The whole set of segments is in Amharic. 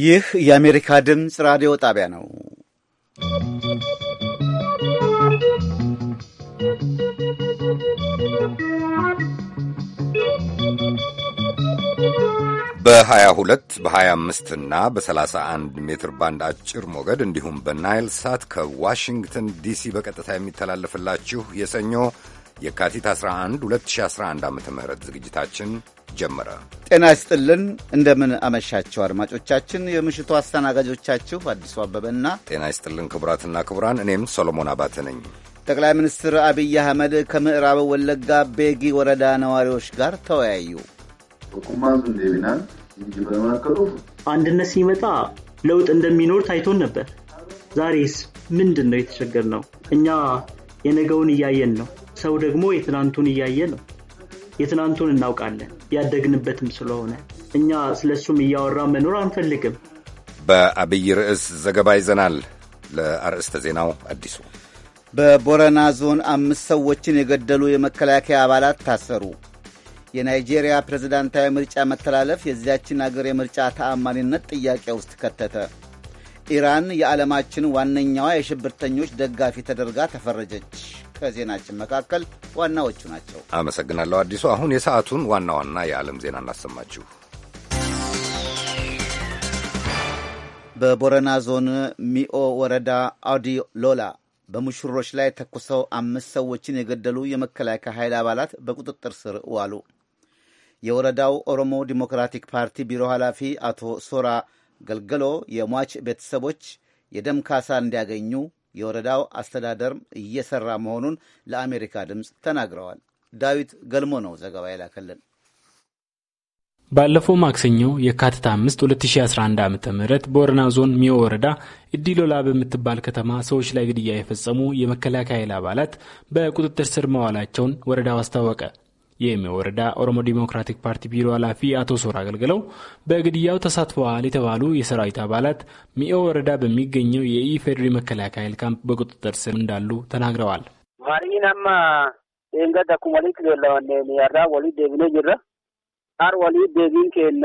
ይህ የአሜሪካ ድምፅ ራዲዮ ጣቢያ ነው። በ22 በ25 እና በ31 ሜትር ባንድ አጭር ሞገድ እንዲሁም በናይል ሳት ከዋሽንግተን ዲሲ በቀጥታ የሚተላለፍላችሁ የሰኞ የካቲት 11 2011 ዓ ም ዝግጅታችን ጀመረ። ጤና ይስጥልን፣ እንደምን አመሻቸው አድማጮቻችን። የምሽቱ አስተናጋጆቻችሁ አዲሱ አበበና ጤና ይስጥልን ክቡራትና ክቡራን፣ እኔም ሶሎሞን አባተ ነኝ። ጠቅላይ ሚኒስትር አብይ አህመድ ከምዕራብ ወለጋ ቤጊ ወረዳ ነዋሪዎች ጋር ተወያዩ። አንድነት ሲመጣ ለውጥ እንደሚኖር ታይቶን ነበር። ዛሬስ ምንድን ነው የተቸገር ነው? እኛ የነገውን እያየን ነው፣ ሰው ደግሞ የትናንቱን እያየ ነው። የትናንቱን እናውቃለን፣ ያደግንበትም ስለሆነ እኛ ስለ እሱም እያወራ መኖር አንፈልግም። በአብይ ርዕስ ዘገባ ይዘናል። ለአርዕስተ ዜናው አዲሱ በቦረና ዞን አምስት ሰዎችን የገደሉ የመከላከያ አባላት ታሰሩ። የናይጄሪያ ፕሬዝዳንታዊ ምርጫ መተላለፍ የዚያችን አገር የምርጫ ተአማኒነት ጥያቄ ውስጥ ከተተ። ኢራን የዓለማችን ዋነኛዋ የሽብርተኞች ደጋፊ ተደርጋ ተፈረጀች። ከዜናችን መካከል ዋናዎቹ ናቸው። አመሰግናለሁ አዲሱ። አሁን የሰዓቱን ዋና ዋና የዓለም ዜና እናሰማችሁ። በቦረና ዞን ሚኦ ወረዳ አውዲ ሎላ በሙሽሮች ላይ ተኩሰው አምስት ሰዎችን የገደሉ የመከላከያ ኃይል አባላት በቁጥጥር ስር ዋሉ። የወረዳው ኦሮሞ ዲሞክራቲክ ፓርቲ ቢሮ ኃላፊ አቶ ሶራ ገልገሎ የሟች ቤተሰቦች የደም ካሳ እንዲያገኙ የወረዳው አስተዳደርም እየሰራ መሆኑን ለአሜሪካ ድምፅ ተናግረዋል። ዳዊት ገልሞ ነው ዘገባ የላከልን። ባለፈው ማክሰኞ የካቲት 5 2011 ዓ ም በወረና ዞን ሚዮ ወረዳ እዲሎላ በምትባል ከተማ ሰዎች ላይ ግድያ የፈጸሙ የመከላከያ ኃይል አባላት በቁጥጥር ስር መዋላቸውን ወረዳው አስታወቀ። የሚ ወረዳ ኦሮሞ ዲሞክራቲክ ፓርቲ ቢሮ ኃላፊ አቶ ሶራ አገልግለው በግድያው ተሳትፈዋል የተባሉ የሰራዊት አባላት ሚኦ ወረዳ በሚገኘው የኢፌዴሪ መከላከያ ኃይል ካምፕ በቁጥጥር ስር እንዳሉ ተናግረዋል። ማሪናማ ንገዳኩ ወሊት ሌላዋኔያራ ወሊ ደብኔ ጅራ አር ወሊ ደቢን ኬና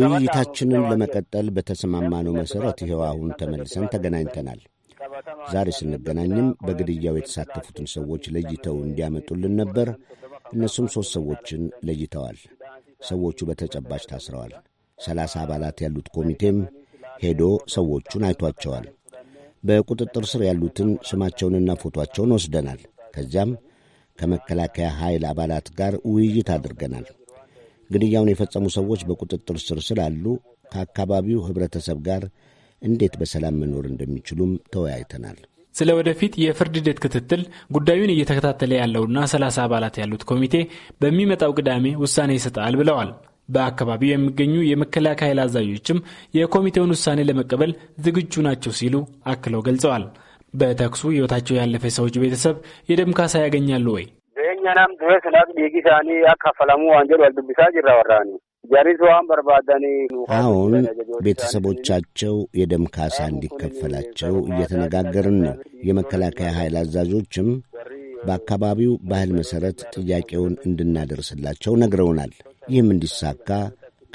ውይይታችንን ለመቀጠል በተሰማማነው መሰረት ይኸው አሁን ተመልሰን ተገናኝተናል። ዛሬ ስንገናኝም በግድያው የተሳተፉትን ሰዎች ለይተው እንዲያመጡልን ነበር። እነሱም ሦስት ሰዎችን ለይተዋል። ሰዎቹ በተጨባጭ ታስረዋል። ሰላሳ አባላት ያሉት ኮሚቴም ሄዶ ሰዎቹን አይቷቸዋል። በቁጥጥር ስር ያሉትን ስማቸውንና ፎቶአቸውን ወስደናል። ከዚያም ከመከላከያ ኃይል አባላት ጋር ውይይት አድርገናል። ግድያውን የፈጸሙ ሰዎች በቁጥጥር ስር ስላሉ ከአካባቢው ኅብረተሰብ ጋር እንዴት በሰላም መኖር እንደሚችሉም ተወያይተናል። ስለ ወደፊት የፍርድ ሂደት ክትትል ጉዳዩን እየተከታተለ ያለውና ሰላሳ አባላት ያሉት ኮሚቴ በሚመጣው ቅዳሜ ውሳኔ ይሰጣል ብለዋል። በአካባቢው የሚገኙ የመከላከያ ኃይል አዛዦችም የኮሚቴውን ውሳኔ ለመቀበል ዝግጁ ናቸው ሲሉ አክለው ገልጸዋል። በተኩሱ ሕይወታቸው ያለፈ ሰዎች ቤተሰብ የደም ካሳ ያገኛሉ ወይ? በእኛናም ድረስ ናቅ ዲጊ ሳኒ አካፈላሙ አንጀል ወልዱብሳ ጅራ ወራኒ አሁን ቤተሰቦቻቸው የደም ካሳ እንዲከፈላቸው እየተነጋገርን ነው። የመከላከያ ኃይል አዛዦችም በአካባቢው ባህል መሠረት ጥያቄውን እንድናደርስላቸው ነግረውናል። ይህም እንዲሳካ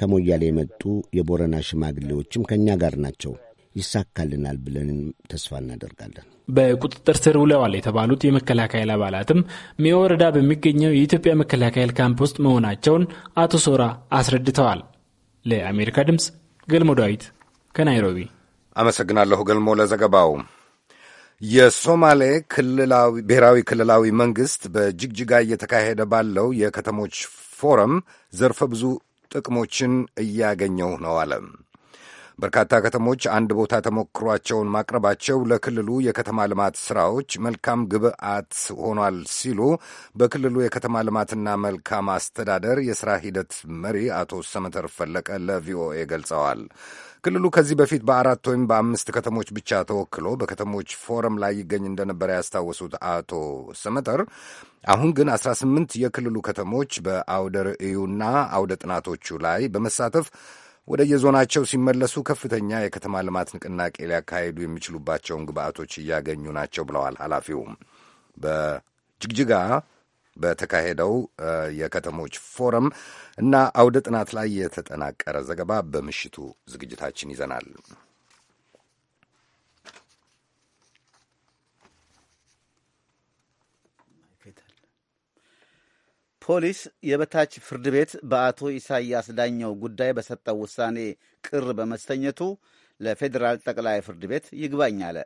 ከሞያሌ የመጡ የቦረና ሽማግሌዎችም ከእኛ ጋር ናቸው። ይሳካልናል ብለንም ተስፋ እናደርጋለን። በቁጥጥር ስር ውለዋል የተባሉት የመከላከያ አባላትም ሚወረዳ ወረዳ በሚገኘው የኢትዮጵያ መከላከያ ካምፕ ውስጥ መሆናቸውን አቶ ሶራ አስረድተዋል። ለአሜሪካ ድምፅ ገልሞ ዳዊት ከናይሮቢ አመሰግናለሁ። ገልሞ ለዘገባው። የሶማሌ ብሔራዊ ክልላዊ መንግሥት በጅግጅጋ እየተካሄደ ባለው የከተሞች ፎረም ዘርፈ ብዙ ጥቅሞችን እያገኘው ነው አለም። በርካታ ከተሞች አንድ ቦታ ተሞክሯቸውን ማቅረባቸው ለክልሉ የከተማ ልማት ስራዎች መልካም ግብዓት ሆኗል ሲሉ በክልሉ የከተማ ልማትና መልካም አስተዳደር የስራ ሂደት መሪ አቶ ሰመተር ፈለቀ ለቪኦኤ ገልጸዋል። ክልሉ ከዚህ በፊት በአራት ወይም በአምስት ከተሞች ብቻ ተወክሎ በከተሞች ፎረም ላይ ይገኝ እንደነበረ ያስታወሱት አቶ ሰመተር አሁን ግን 18 የክልሉ ከተሞች በአውደ ርዕዩና አውደ ጥናቶቹ ላይ በመሳተፍ ወደ የዞናቸው ሲመለሱ ከፍተኛ የከተማ ልማት ንቅናቄ ሊያካሂዱ የሚችሉባቸውን ግብአቶች እያገኙ ናቸው ብለዋል ኃላፊው። በጅግጅጋ በተካሄደው የከተሞች ፎረም እና አውደ ጥናት ላይ የተጠናቀረ ዘገባ በምሽቱ ዝግጅታችን ይዘናል። ፖሊስ የበታች ፍርድ ቤት በአቶ ኢሳያስ ዳኛው ጉዳይ በሰጠው ውሳኔ ቅር በመሰኘቱ ለፌዴራል ጠቅላይ ፍርድ ቤት ይግባኝ አለ።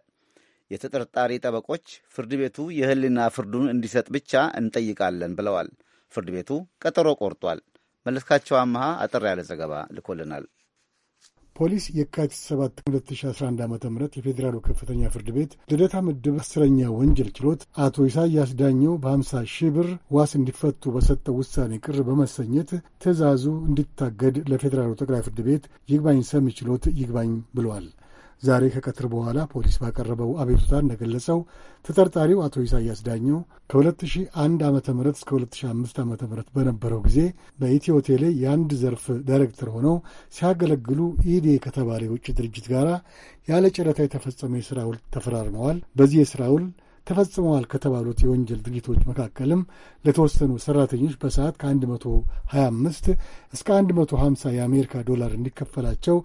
የተጠርጣሪ ጠበቆች ፍርድ ቤቱ የሕሊና ፍርዱን እንዲሰጥ ብቻ እንጠይቃለን ብለዋል። ፍርድ ቤቱ ቀጠሮ ቆርጧል። መለስካቸው አመሃ አጠር ያለ ዘገባ ልኮልናል። ፖሊስ የካቲት 7 2011 ዓ ም የፌዴራሉ ከፍተኛ ፍርድ ቤት ልደታ ምድብ አስረኛ ወንጀል ችሎት አቶ ኢሳያስ ዳኘው በ50 ሺህ ብር ዋስ እንዲፈቱ በሰጠው ውሳኔ ቅር በመሰኘት ትዕዛዙ እንዲታገድ ለፌዴራሉ ጠቅላይ ፍርድ ቤት ይግባኝ ሰሚ ችሎት ይግባኝ ብሏል። ዛሬ ከቀትር በኋላ ፖሊስ ባቀረበው አቤቱታ እንደገለጸው ተጠርጣሪው አቶ ኢሳያስ ዳኘው ከ2001 ዓ ም እስከ 2005 ዓ ም በነበረው ጊዜ በኢትዮ ቴሌ የአንድ ዘርፍ ዳይሬክተር ሆነው ሲያገለግሉ ኢዴ ከተባለ የውጭ ድርጅት ጋር ያለ ጨረታ የተፈጸመ የሥራ ውል ተፈራርመዋል። በዚህ የሥራ ውል ተፈጽመዋል ከተባሉት የወንጀል ድርጊቶች መካከልም ለተወሰኑ ሠራተኞች በሰዓት ከ125 እስከ 150 የአሜሪካ ዶላር እንዲከፈላቸው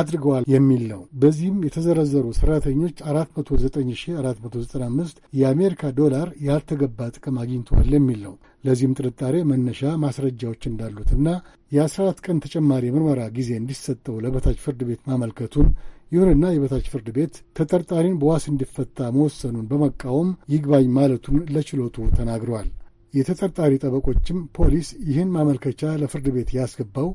አድርገዋል የሚል ነው። በዚህም የተዘረዘሩ ሠራተኞች 49495 የአሜሪካ ዶላር ያልተገባ ጥቅም አግኝተዋል የሚል ነው። ለዚህም ጥርጣሬ መነሻ ማስረጃዎች እንዳሉትና የ14 ቀን ተጨማሪ የምርመራ ጊዜ እንዲሰጠው ለበታች ፍርድ ቤት ማመልከቱን ይሁንና የበታች ፍርድ ቤት ተጠርጣሪን በዋስ እንዲፈታ መወሰኑን በመቃወም ይግባኝ ማለቱን ለችሎቱ ተናግረዋል። የተጠርጣሪ ጠበቆችም ፖሊስ ይህን ማመልከቻ ለፍርድ ቤት ያስገባው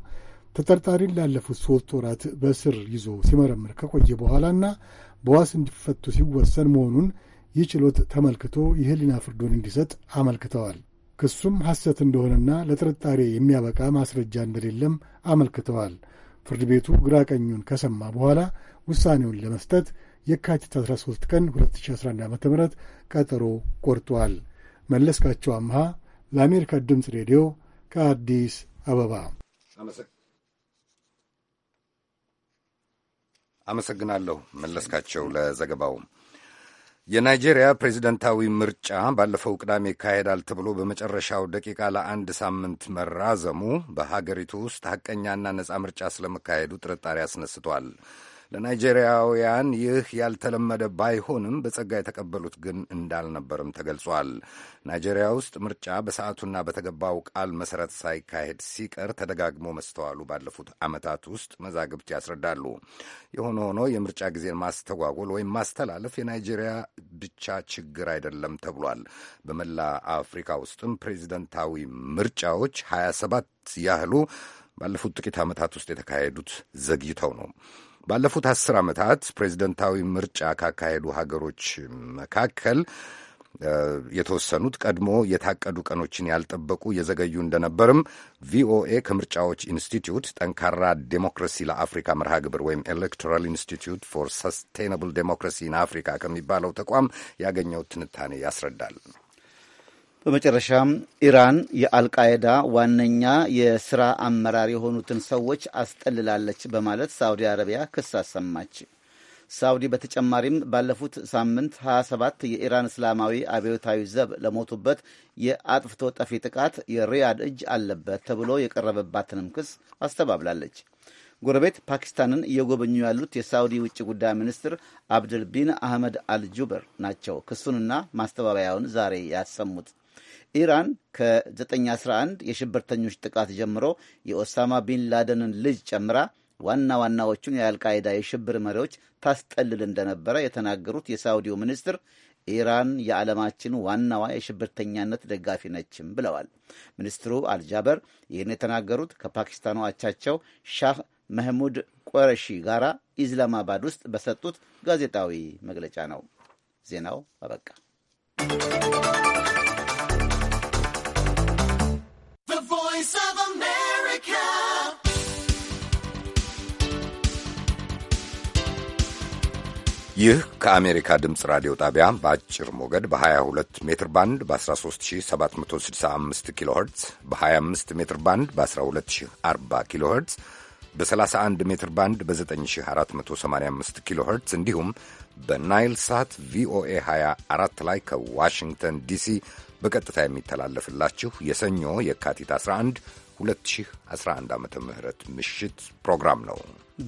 ተጠርጣሪን ላለፉት ሶስት ወራት በስር ይዞ ሲመረምር ከቆየ በኋላና በዋስ እንዲፈቱ ሲወሰን መሆኑን ይህ ችሎት ተመልክቶ የህሊና ፍርዱን እንዲሰጥ አመልክተዋል። ክሱም ሐሰት እንደሆነና ለጥርጣሬ የሚያበቃ ማስረጃ እንደሌለም አመልክተዋል። ፍርድ ቤቱ ግራ ቀኙን ከሰማ በኋላ ውሳኔውን ለመስጠት የካቲት 13 ቀን 2011 ዓ ም ቀጠሮ ቆርጧል። መለስካቸው አምሃ ለአሜሪካ ድምፅ ሬዲዮ ከአዲስ አበባ አመሰግናለሁ። መለስካቸው ለዘገባው። የናይጄሪያ ፕሬዚደንታዊ ምርጫ ባለፈው ቅዳሜ ይካሄዳል ተብሎ በመጨረሻው ደቂቃ ለአንድ ሳምንት መራዘሙ በሀገሪቱ ውስጥ ሐቀኛና ነፃ ምርጫ ስለመካሄዱ ጥርጣሬ አስነስቷል። ለናይጄሪያውያን ይህ ያልተለመደ ባይሆንም በጸጋ የተቀበሉት ግን እንዳልነበርም ተገልጿል። ናይጄሪያ ውስጥ ምርጫ በሰዓቱና በተገባው ቃል መሰረት ሳይካሄድ ሲቀር ተደጋግሞ መስተዋሉ ባለፉት ዓመታት ውስጥ መዛግብት ያስረዳሉ። የሆነ ሆኖ የምርጫ ጊዜን ማስተጓጎል ወይም ማስተላለፍ የናይጄሪያ ብቻ ችግር አይደለም ተብሏል። በመላ አፍሪካ ውስጥም ፕሬዚደንታዊ ምርጫዎች 27 ያህሉ ባለፉት ጥቂት ዓመታት ውስጥ የተካሄዱት ዘግይተው ነው። ባለፉት አስር ዓመታት ፕሬዚደንታዊ ምርጫ ካካሄዱ ሀገሮች መካከል የተወሰኑት ቀድሞ የታቀዱ ቀኖችን ያልጠበቁ የዘገዩ እንደነበርም ቪኦኤ ከምርጫዎች ኢንስቲትዩት ጠንካራ ዴሞክራሲ ለአፍሪካ መርሃ ግብር ወይም ኤሌክቶራል ኢንስቲትዩት ፎር ሰስቴናብል ዴሞክራሲ ኢን አፍሪካ ከሚባለው ተቋም ያገኘው ትንታኔ ያስረዳል። በመጨረሻም ኢራን የአልቃይዳ ዋነኛ የስራ አመራር የሆኑትን ሰዎች አስጠልላለች በማለት ሳውዲ አረቢያ ክስ አሰማች። ሳውዲ በተጨማሪም ባለፉት ሳምንት 27 የኢራን እስላማዊ አብዮታዊ ዘብ ለሞቱበት የአጥፍቶ ጠፊ ጥቃት የሪያድ እጅ አለበት ተብሎ የቀረበባትንም ክስ አስተባብላለች። ጎረቤት ፓኪስታንን እየጎበኙ ያሉት የሳውዲ ውጭ ጉዳይ ሚኒስትር አብድልቢን አህመድ አልጁበር ናቸው። ክሱንና ማስተባበያውን ዛሬ ያሰሙት ኢራን ከ911 የሽብርተኞች ጥቃት ጀምሮ የኦሳማ ቢን ላደንን ልጅ ጨምራ ዋና ዋናዎቹን የአልቃይዳ የሽብር መሪዎች ታስጠልል እንደነበረ የተናገሩት የሳውዲው ሚኒስትር ኢራን የዓለማችን ዋናዋ የሽብርተኛነት ደጋፊ ነችም ብለዋል። ሚኒስትሩ አልጃበር ይህን የተናገሩት ከፓኪስታኑ አቻቸው ሻህ መህሙድ ቆረሺ ጋራ ኢስላማባድ ውስጥ በሰጡት ጋዜጣዊ መግለጫ ነው። ዜናው አበቃ። Voice of America. ይህ ከአሜሪካ ድምፅ ራዲዮ ጣቢያ በአጭር ሞገድ በ22 ሜትር ባንድ በ13765 ኪሎ ኸርትዝ በ25 ሜትር ባንድ በ1240 ኪሎ ኸርትዝ በ31 ሜትር ባንድ በ9485 ኪሎ ኸርትዝ እንዲሁም በናይል ሳት ቪኦኤ 24 ላይ ከዋሽንግተን ዲሲ በቀጥታ የሚተላለፍላችሁ የሰኞ የካቲት 11 2011 ዓ ም ምሽት ፕሮግራም ነው።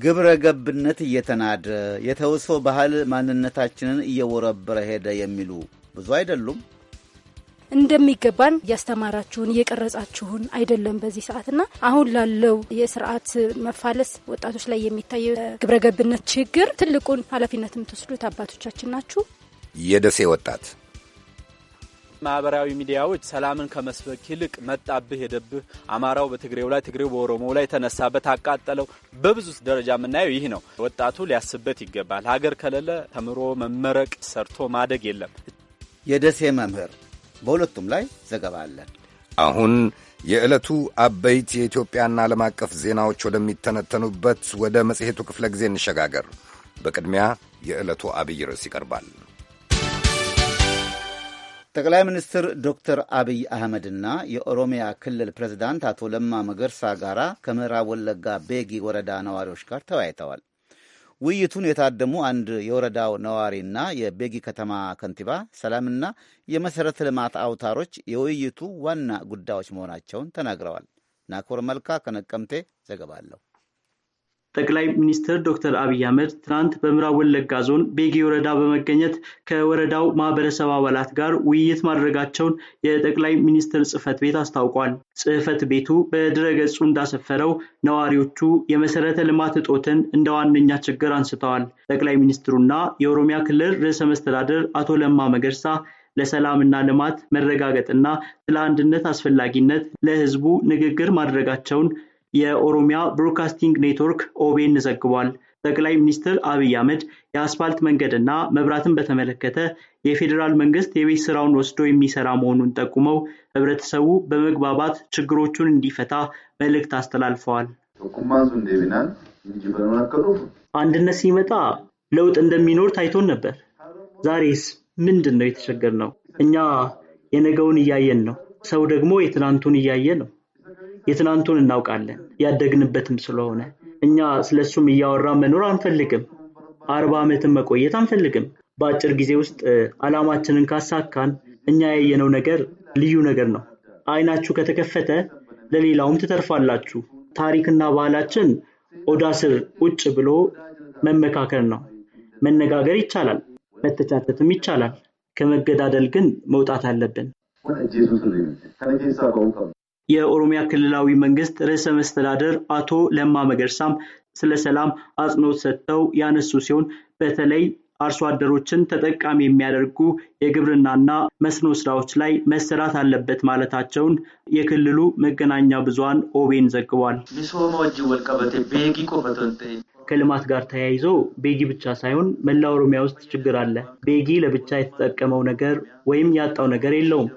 ግብረ ገብነት እየተናደ የተውሶ ባህል ማንነታችንን እየወረበረ ሄደ የሚሉ ብዙ አይደሉም። እንደሚገባን እያስተማራችሁን እየቀረጻችሁን አይደለም። በዚህ ሰዓትና አሁን ላለው የስርዓት መፋለስ ወጣቶች ላይ የሚታየው ግብረ ገብነት ችግር ትልቁን ኃላፊነት የምትወስዱት አባቶቻችን ናችሁ። የደሴ ወጣት ማህበራዊ ሚዲያዎች ሰላምን ከመስበክ ይልቅ መጣብህ፣ ሄደብህ፣ አማራው በትግሬው ላይ፣ ትግሬው በኦሮሞ ላይ ተነሳበት፣ አቃጠለው በብዙ ደረጃ የምናየው ይህ ነው። ወጣቱ ሊያስብበት ይገባል። ሀገር ከሌለ ተምሮ መመረቅ፣ ሰርቶ ማደግ የለም። የደሴ መምህር በሁለቱም ላይ ዘገባ አለን። አሁን የዕለቱ አበይት የኢትዮጵያና ዓለም አቀፍ ዜናዎች ወደሚተነተኑበት ወደ መጽሔቱ ክፍለ ጊዜ እንሸጋገር። በቅድሚያ የዕለቱ አብይ ርዕስ ይቀርባል። ጠቅላይ ሚኒስትር ዶክተር አብይ አህመድና የኦሮሚያ ክልል ፕሬዝዳንት አቶ ለማ መገርሳ ጋራ ከምዕራብ ወለጋ ቤጊ ወረዳ ነዋሪዎች ጋር ተወያይተዋል። ውይይቱን የታደሙ አንድ የወረዳው ነዋሪና የቤጊ ከተማ ከንቲባ ሰላምና የመሠረተ ልማት አውታሮች የውይይቱ ዋና ጉዳዮች መሆናቸውን ተናግረዋል። ናኮር መልካ ከነቀምቴ ዘገባ ጠቅላይ ሚኒስትር ዶክተር አብይ አህመድ ትናንት በምዕራብ ወለጋ ዞን ቤጌ ወረዳ በመገኘት ከወረዳው ማህበረሰብ አባላት ጋር ውይይት ማድረጋቸውን የጠቅላይ ሚኒስትር ጽህፈት ቤት አስታውቋል። ጽህፈት ቤቱ በድረገጹ እንዳሰፈረው ነዋሪዎቹ የመሰረተ ልማት እጦትን እንደ ዋነኛ ችግር አንስተዋል። ጠቅላይ ሚኒስትሩና የኦሮሚያ ክልል ርዕሰ መስተዳደር አቶ ለማ መገርሳ ለሰላምና ልማት መረጋገጥና ስለ አንድነት አስፈላጊነት ለህዝቡ ንግግር ማድረጋቸውን የኦሮሚያ ብሮድካስቲንግ ኔትወርክ ኦቤን ዘግቧል። ጠቅላይ ሚኒስትር አብይ አህመድ የአስፋልት መንገድና መብራትን በተመለከተ የፌዴራል መንግስት የቤት ስራውን ወስዶ የሚሰራ መሆኑን ጠቁመው ህብረተሰቡ በመግባባት ችግሮቹን እንዲፈታ መልእክት አስተላልፈዋል። አንድነት ሲመጣ ለውጥ እንደሚኖር ታይቶን ነበር። ዛሬስ ምንድን ነው የተቸገር ነው? እኛ የነገውን እያየን ነው። ሰው ደግሞ የትናንቱን እያየ ነው። የትናንቱን እናውቃለን፣ ያደግንበትም ስለሆነ እኛ ስለ እሱም እያወራ መኖር አንፈልግም። አርባ ዓመትን መቆየት አንፈልግም። በአጭር ጊዜ ውስጥ ዓላማችንን ካሳካን እኛ ያየነው ነገር ልዩ ነገር ነው። አይናችሁ ከተከፈተ ለሌላውም ትተርፋላችሁ። ታሪክና ባህላችን ኦዳ ስር ውጭ ብሎ መመካከል ነው። መነጋገር ይቻላል፣ መተቻተትም ይቻላል። ከመገዳደል ግን መውጣት አለብን። የኦሮሚያ ክልላዊ መንግስት ርዕሰ መስተዳደር አቶ ለማ መገርሳም ስለ ሰላም አጽንኦት ሰጥተው ያነሱ ሲሆን በተለይ አርሶ አደሮችን ተጠቃሚ የሚያደርጉ የግብርናና መስኖ ስራዎች ላይ መሰራት አለበት ማለታቸውን የክልሉ መገናኛ ብዙሃን ኦቤን ዘግቧል። ከልማት ጋር ተያይዞ ቤጊ ብቻ ሳይሆን መላ ኦሮሚያ ውስጥ ችግር አለ። ቤጊ ለብቻ የተጠቀመው ነገር ወይም ያጣው ነገር የለውም።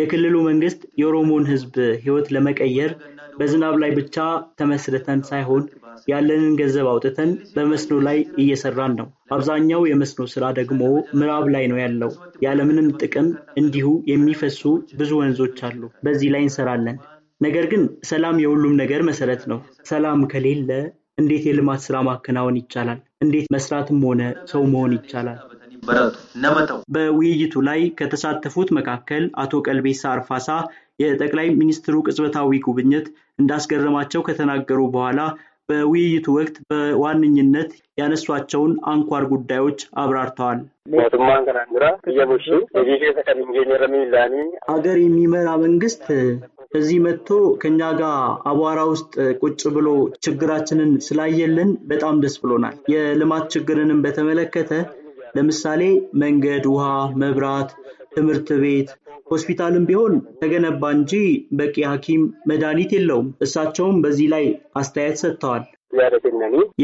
የክልሉ መንግስት የኦሮሞን ህዝብ ህይወት ለመቀየር በዝናብ ላይ ብቻ ተመስርተን ሳይሆን ያለንን ገንዘብ አውጥተን በመስኖ ላይ እየሰራን ነው። አብዛኛው የመስኖ ስራ ደግሞ ምዕራብ ላይ ነው ያለው። ያለምንም ጥቅም እንዲሁ የሚፈሱ ብዙ ወንዞች አሉ። በዚህ ላይ እንሰራለን። ነገር ግን ሰላም የሁሉም ነገር መሰረት ነው። ሰላም ከሌለ እንዴት የልማት ስራ ማከናወን ይቻላል? እንዴት መስራትም ሆነ ሰው መሆን ይቻላል? በውይይቱ ላይ ከተሳተፉት መካከል አቶ ቀልቤሳ አርፋሳ የጠቅላይ ሚኒስትሩ ቅጽበታዊ ጉብኝት እንዳስገረማቸው ከተናገሩ በኋላ በውይይቱ ወቅት በዋነኝነት ያነሷቸውን አንኳር ጉዳዮች አብራርተዋል። አገር የሚመራ መንግስት እዚህ መጥቶ ከኛ ጋር አቧራ ውስጥ ቁጭ ብሎ ችግራችንን ስላየልን በጣም ደስ ብሎናል። የልማት ችግርንም በተመለከተ ለምሳሌ መንገድ፣ ውሃ፣ መብራት፣ ትምህርት ቤት፣ ሆስፒታልም ቢሆን ተገነባ እንጂ በቂ ሐኪም መድኃኒት የለውም። እሳቸውም በዚህ ላይ አስተያየት ሰጥተዋል።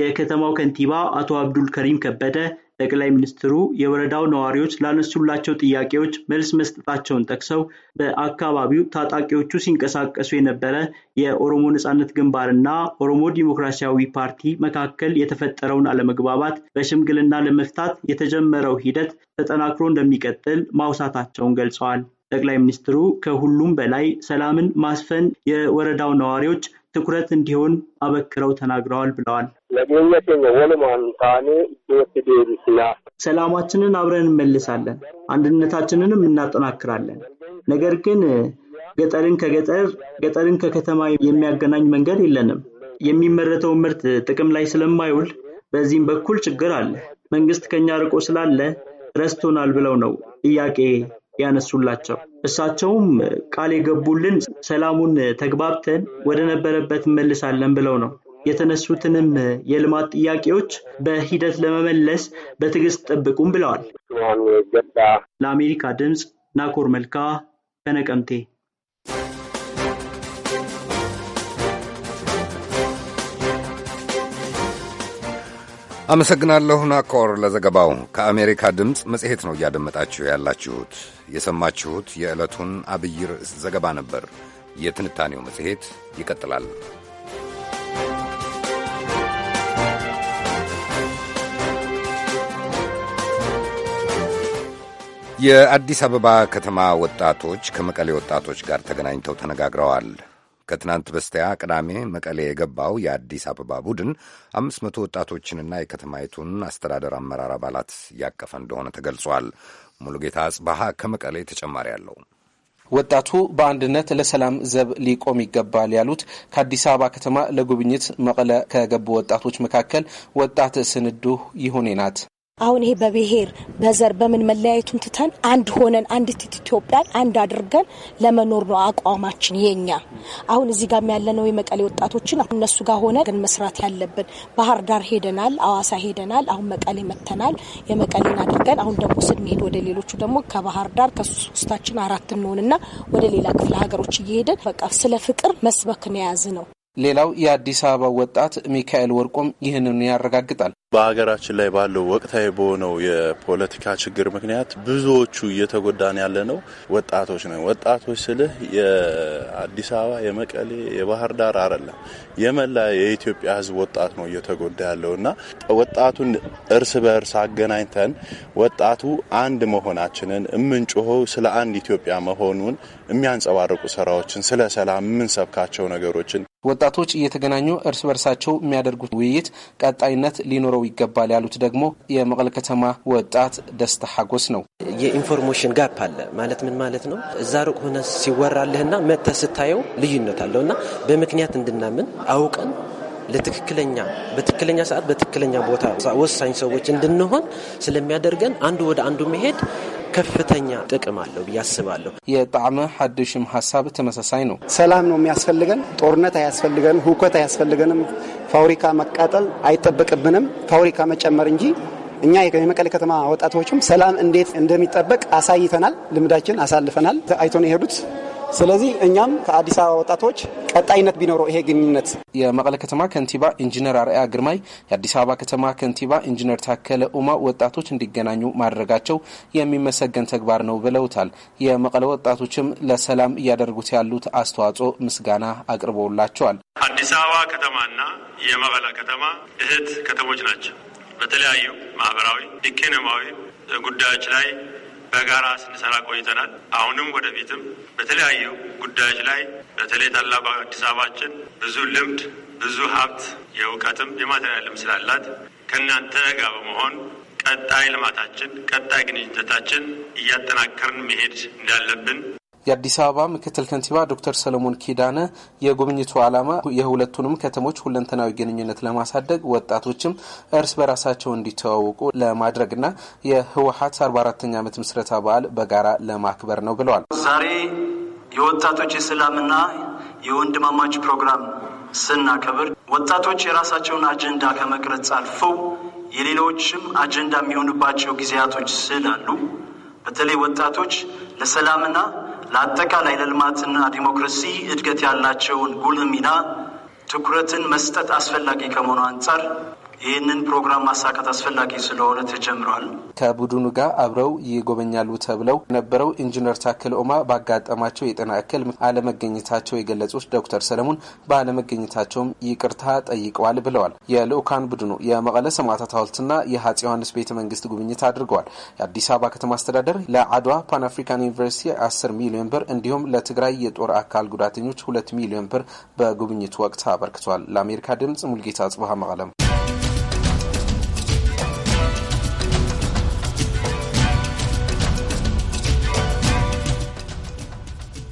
የከተማው ከንቲባ አቶ አብዱል ከሪም ከበደ ጠቅላይ ሚኒስትሩ የወረዳው ነዋሪዎች ላነሱላቸው ጥያቄዎች መልስ መስጠታቸውን ጠቅሰው በአካባቢው ታጣቂዎቹ ሲንቀሳቀሱ የነበረ የኦሮሞ ነጻነት ግንባርና ኦሮሞ ዲሞክራሲያዊ ፓርቲ መካከል የተፈጠረውን አለመግባባት በሽምግልና ለመፍታት የተጀመረው ሂደት ተጠናክሮ እንደሚቀጥል ማውሳታቸውን ገልጸዋል። ጠቅላይ ሚኒስትሩ ከሁሉም በላይ ሰላምን ማስፈን የወረዳው ነዋሪዎች ትኩረት እንዲሆን አበክረው ተናግረዋል ብለዋል። ሰላማችንን አብረን እንመልሳለን፣ አንድነታችንንም እናጠናክራለን። ነገር ግን ገጠርን ከገጠር ገጠርን ከከተማ የሚያገናኝ መንገድ የለንም። የሚመረተው ምርት ጥቅም ላይ ስለማይውል በዚህም በኩል ችግር አለ። መንግስት ከኛ ርቆ ስላለ ረስቶናል ብለው ነው ጥያቄ ያነሱላቸው። እሳቸውም ቃል የገቡልን ሰላሙን ተግባብተን ወደ ነበረበት እንመልሳለን ብለው ነው። የተነሱትንም የልማት ጥያቄዎች በሂደት ለመመለስ በትዕግስት ጠብቁም ብለዋል። ለአሜሪካ ድምፅ ናኮር መልካ ከነቀምቴ አመሰግናለሁ ናኮር ለዘገባው። ከአሜሪካ ድምፅ መጽሔት ነው እያደመጣችሁ ያላችሁት። የሰማችሁት የዕለቱን አብይ ርዕስ ዘገባ ነበር። የትንታኔው መጽሔት ይቀጥላል። የአዲስ አበባ ከተማ ወጣቶች ከመቀሌ ወጣቶች ጋር ተገናኝተው ተነጋግረዋል። ከትናንት በስቲያ ቅዳሜ መቀሌ የገባው የአዲስ አበባ ቡድን አምስት መቶ ወጣቶችንና የከተማይቱን አስተዳደር አመራር አባላት ያቀፈ እንደሆነ ተገልጿል። ሙሉጌታ አጽባሃ ከመቀሌ ተጨማሪ አለው። ወጣቱ በአንድነት ለሰላም ዘብ ሊቆም ይገባል ያሉት ከአዲስ አበባ ከተማ ለጉብኝት መቀለ ከገቡ ወጣቶች መካከል ወጣት ስንዱ ይሁኔ ናት። አሁን ይሄ በብሔር በዘር በምን መለያየቱን ትተን አንድ ሆነን አንዲት ኢትዮጵያን አንድ አድርገን ለመኖር ነው አቋማችን የኛ። አሁን እዚህ ጋር ያለነው የመቀሌ ወጣቶችን እነሱ ጋር ሆነ ግን መስራት ያለብን። ባህር ዳር ሄደናል፣ አዋሳ ሄደናል፣ አሁን መቀሌ መተናል። የመቀሌን አድርገን አሁን ደግሞ ስንሄድ ወደ ሌሎቹ ደግሞ ከባህር ዳር ከሶስታችን አራት እንሆንና ወደ ሌላ ክፍለ ሀገሮች እየሄደን በቃ ስለ ፍቅር መስበክን የያዝ ነው። ሌላው የአዲስ አበባ ወጣት ሚካኤል ወርቆም ይህንኑ ያረጋግጣል። በሀገራችን ላይ ባለው ወቅታዊ በሆነው የፖለቲካ ችግር ምክንያት ብዙዎቹ እየተጎዳን ያለ ነው ወጣቶች ነው። ወጣቶች ስልህ የአዲስ አበባ፣ የመቀሌ፣ የባህር ዳር አይደለም የመላ የኢትዮጵያ ሕዝብ ወጣት ነው እየተጎዳ ያለው እና ወጣቱን እርስ በእርስ አገናኝተን ወጣቱ አንድ መሆናችንን የምንጮኸው ስለ አንድ ኢትዮጵያ መሆኑን የሚያንጸባርቁ ስራዎችን ስለ ሰላም የምንሰብካቸው ነገሮችን ወጣቶች እየተገናኙ እርስ በርሳቸው የሚያደርጉት ውይይት ቀጣይነት ሊኖረው ይገባል ያሉት ደግሞ የመቀለ ከተማ ወጣት ደስታ ሀጎስ ነው። የኢንፎርሜሽን ጋፕ አለ ማለት ምን ማለት ነው? እዛ ሩቅ ሆነ ሲወራልህና መተ ስታየው ልዩነት አለው እና በምክንያት እንድናምን አውቀን ለትክክለኛ በትክክለኛ ሰዓት በትክክለኛ ቦታ ወሳኝ ሰዎች እንድንሆን ስለሚያደርገን አንዱ ወደ አንዱ መሄድ ከፍተኛ ጥቅም አለው ብዬ አስባለሁ። የጣዕመ ሀድሽም ሀሳብ ተመሳሳይ ነው። ሰላም ነው የሚያስፈልገን፣ ጦርነት አያስፈልገንም፣ ሁከት አያስፈልገንም። ፋብሪካ መቃጠል አይጠበቅብንም፣ ፋብሪካ መጨመር እንጂ እኛ የመቀሌ ከተማ ወጣቶችም ሰላም እንዴት እንደሚጠበቅ አሳይተናል። ልምዳችን አሳልፈናል። አይቶን የሄዱት ስለዚህ እኛም ከአዲስ አበባ ወጣቶች ቀጣይነት ቢኖረው ይሄ ግንኙነት። የመቀለ ከተማ ከንቲባ ኢንጂነር አርአያ ግርማይ የአዲስ አበባ ከተማ ከንቲባ ኢንጂነር ታከለ ኡማ ወጣቶች እንዲገናኙ ማድረጋቸው የሚመሰገን ተግባር ነው ብለውታል። የመቀለ ወጣቶችም ለሰላም እያደረጉት ያሉት አስተዋጽኦ ምስጋና አቅርበውላቸዋል። አዲስ አበባ ከተማና የመቀለ ከተማ እህት ከተሞች ናቸው። በተለያዩ ማህበራዊ ኢኮኖሚያዊ ጉዳዮች ላይ በጋራ ስንሰራ ቆይተናል። አሁንም ወደፊትም በተለያዩ ጉዳዮች ላይ በተለይ ታላቁ አዲስ አበባችን ብዙ ልምድ፣ ብዙ ሀብት፣ የእውቀትም የማቴሪያልም ስላላት ከእናንተ ጋር በመሆን ቀጣይ ልማታችን፣ ቀጣይ ግንኙነታችን እያጠናከርን መሄድ እንዳለብን የአዲስ አበባ ምክትል ከንቲባ ዶክተር ሰለሞን ኪዳነ የጉብኝቱ ዓላማ የሁለቱንም ከተሞች ሁለንተናዊ ግንኙነት ለማሳደግ ወጣቶችም እርስ በራሳቸው እንዲተዋወቁ ለማድረግና የህወሀት አርባ አራተኛ ዓመት ምስረታ በዓል በጋራ ለማክበር ነው ብለዋል። ዛሬ የወጣቶች የሰላምና የወንድማማች ፕሮግራም ስናከብር ወጣቶች የራሳቸውን አጀንዳ ከመቅረጽ አልፈው የሌሎችም አጀንዳ የሚሆንባቸው ጊዜያቶች ስላሉ በተለይ ወጣቶች ለሰላምና ለአጠቃላይ ለልማትና ዲሞክራሲ እድገት ያላቸውን ጉልህ ሚና ትኩረትን መስጠት አስፈላጊ ከመሆኑ አንጻር ይህንን ፕሮግራም ማሳካት አስፈላጊ ስለሆነ ተጀምሯል። ከቡድኑ ጋር አብረው ይጎበኛሉ ተብለው የነበረው ኢንጂነር ታክል ኦማ ባጋጠማቸው የጤና እክል አለመገኘታቸው የገለጹት ዶክተር ሰለሞን ባለመገኘታቸውም ይቅርታ ጠይቀዋል ብለዋል። የልኡካን ቡድኑ የመቀለ ሰማዕታት ሐውልትና የአፄ ዮሐንስ ቤተ መንግስት ጉብኝት አድርገዋል። የአዲስ አበባ ከተማ አስተዳደር ለአድዋ ፓን አፍሪካን ዩኒቨርሲቲ አስር ሚሊዮን ብር እንዲሁም ለትግራይ የጦር አካል ጉዳተኞች ሁለት ሚሊዮን ብር በጉብኝቱ ወቅት አበርክቷል። ለአሜሪካ ድምጽ ሙልጌታ ጽቡሀ መቀለም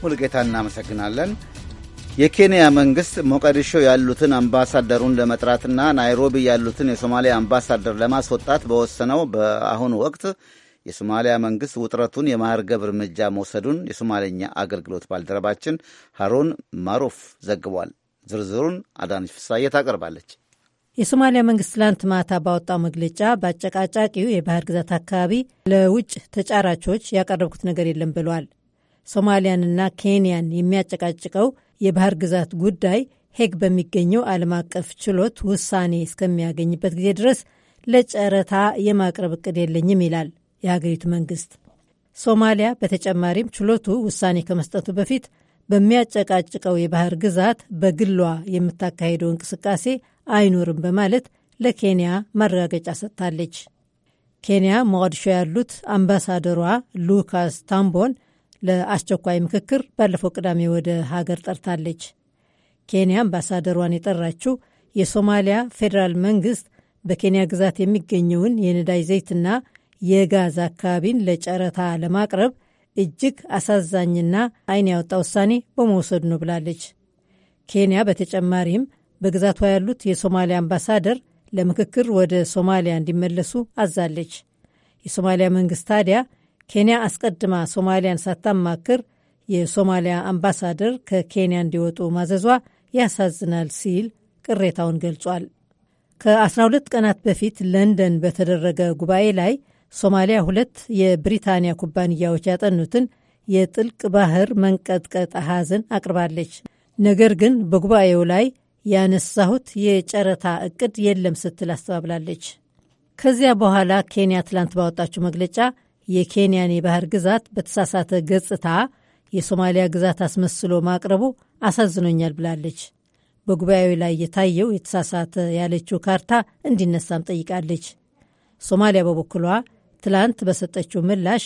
ሙልጌታ እናመሰግናለን። የኬንያ መንግሥት ሞቃዲሾ ያሉትን አምባሳደሩን ለመጥራትና ናይሮቢ ያሉትን የሶማሊያ አምባሳደር ለማስወጣት በወሰነው በአሁኑ ወቅት የሶማሊያ መንግሥት ውጥረቱን የማርገብ እርምጃ መውሰዱን የሶማሌኛ አገልግሎት ባልደረባችን ሀሮን ማሩፍ ዘግቧል። ዝርዝሩን አዳነች ፍሳዬ ታቀርባለች። የሶማሊያ መንግስት ትላንት ማታ ባወጣው መግለጫ በአጨቃጫቂው የባህር ግዛት አካባቢ ለውጭ ተጫራቾች ያቀረብኩት ነገር የለም ብሏል። ሶማሊያንና ኬንያን የሚያጨቃጭቀው የባህር ግዛት ጉዳይ ሄግ በሚገኘው ዓለም አቀፍ ችሎት ውሳኔ እስከሚያገኝበት ጊዜ ድረስ ለጨረታ የማቅረብ እቅድ የለኝም ይላል የሀገሪቱ መንግስት። ሶማሊያ በተጨማሪም ችሎቱ ውሳኔ ከመስጠቱ በፊት በሚያጨቃጭቀው የባህር ግዛት በግሏ የምታካሄደው እንቅስቃሴ አይኖርም በማለት ለኬንያ ማረጋገጫ ሰጥታለች። ኬንያ ሞቃዲሾ ያሉት አምባሳደሯ ሉካስ ታምቦን ለአስቸኳይ ምክክር ባለፈው ቅዳሜ ወደ ሀገር ጠርታለች። ኬንያ አምባሳደሯን የጠራችው የሶማሊያ ፌዴራል መንግስት በኬንያ ግዛት የሚገኘውን የነዳጅ ዘይትና የጋዝ አካባቢን ለጨረታ ለማቅረብ እጅግ አሳዛኝና ዓይን ያወጣ ውሳኔ በመውሰዱ ነው ብላለች። ኬንያ በተጨማሪም በግዛቷ ያሉት የሶማሊያ አምባሳደር ለምክክር ወደ ሶማሊያ እንዲመለሱ አዛለች። የሶማሊያ መንግስት ታዲያ ኬንያ አስቀድማ ሶማሊያን ሳታማክር የሶማሊያ አምባሳደር ከኬንያ እንዲወጡ ማዘዟ ያሳዝናል ሲል ቅሬታውን ገልጿል። ከ12 ቀናት በፊት ለንደን በተደረገ ጉባኤ ላይ ሶማሊያ ሁለት የብሪታንያ ኩባንያዎች ያጠኑትን የጥልቅ ባህር መንቀጥቀጥ ሀዘን አቅርባለች። ነገር ግን በጉባኤው ላይ ያነሳሁት የጨረታ እቅድ የለም ስትል አስተባብላለች። ከዚያ በኋላ ኬንያ ትላንት ባወጣችው መግለጫ የኬንያን የባህር ግዛት በተሳሳተ ገጽታ የሶማሊያ ግዛት አስመስሎ ማቅረቡ አሳዝኖኛል ብላለች። በጉባኤው ላይ የታየው የተሳሳተ ያለችው ካርታ እንዲነሳም ጠይቃለች። ሶማሊያ በበኩሏ ትላንት በሰጠችው ምላሽ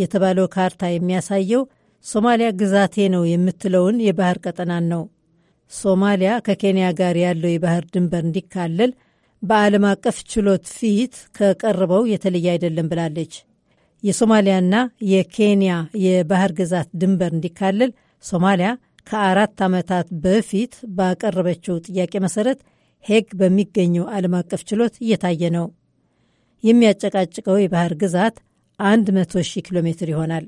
የተባለው ካርታ የሚያሳየው ሶማሊያ ግዛቴ ነው የምትለውን የባህር ቀጠናን ነው። ሶማሊያ ከኬንያ ጋር ያለው የባህር ድንበር እንዲካለል በዓለም አቀፍ ችሎት ፊት ከቀረበው የተለየ አይደለም ብላለች። የሶማሊያና የኬንያ የባህር ግዛት ድንበር እንዲካለል ሶማሊያ ከአራት ዓመታት በፊት ባቀረበችው ጥያቄ መሰረት ሄግ በሚገኘው ዓለም አቀፍ ችሎት እየታየ ነው። የሚያጨቃጭቀው የባህር ግዛት 1000 ኪሎ ሜትር ይሆናል።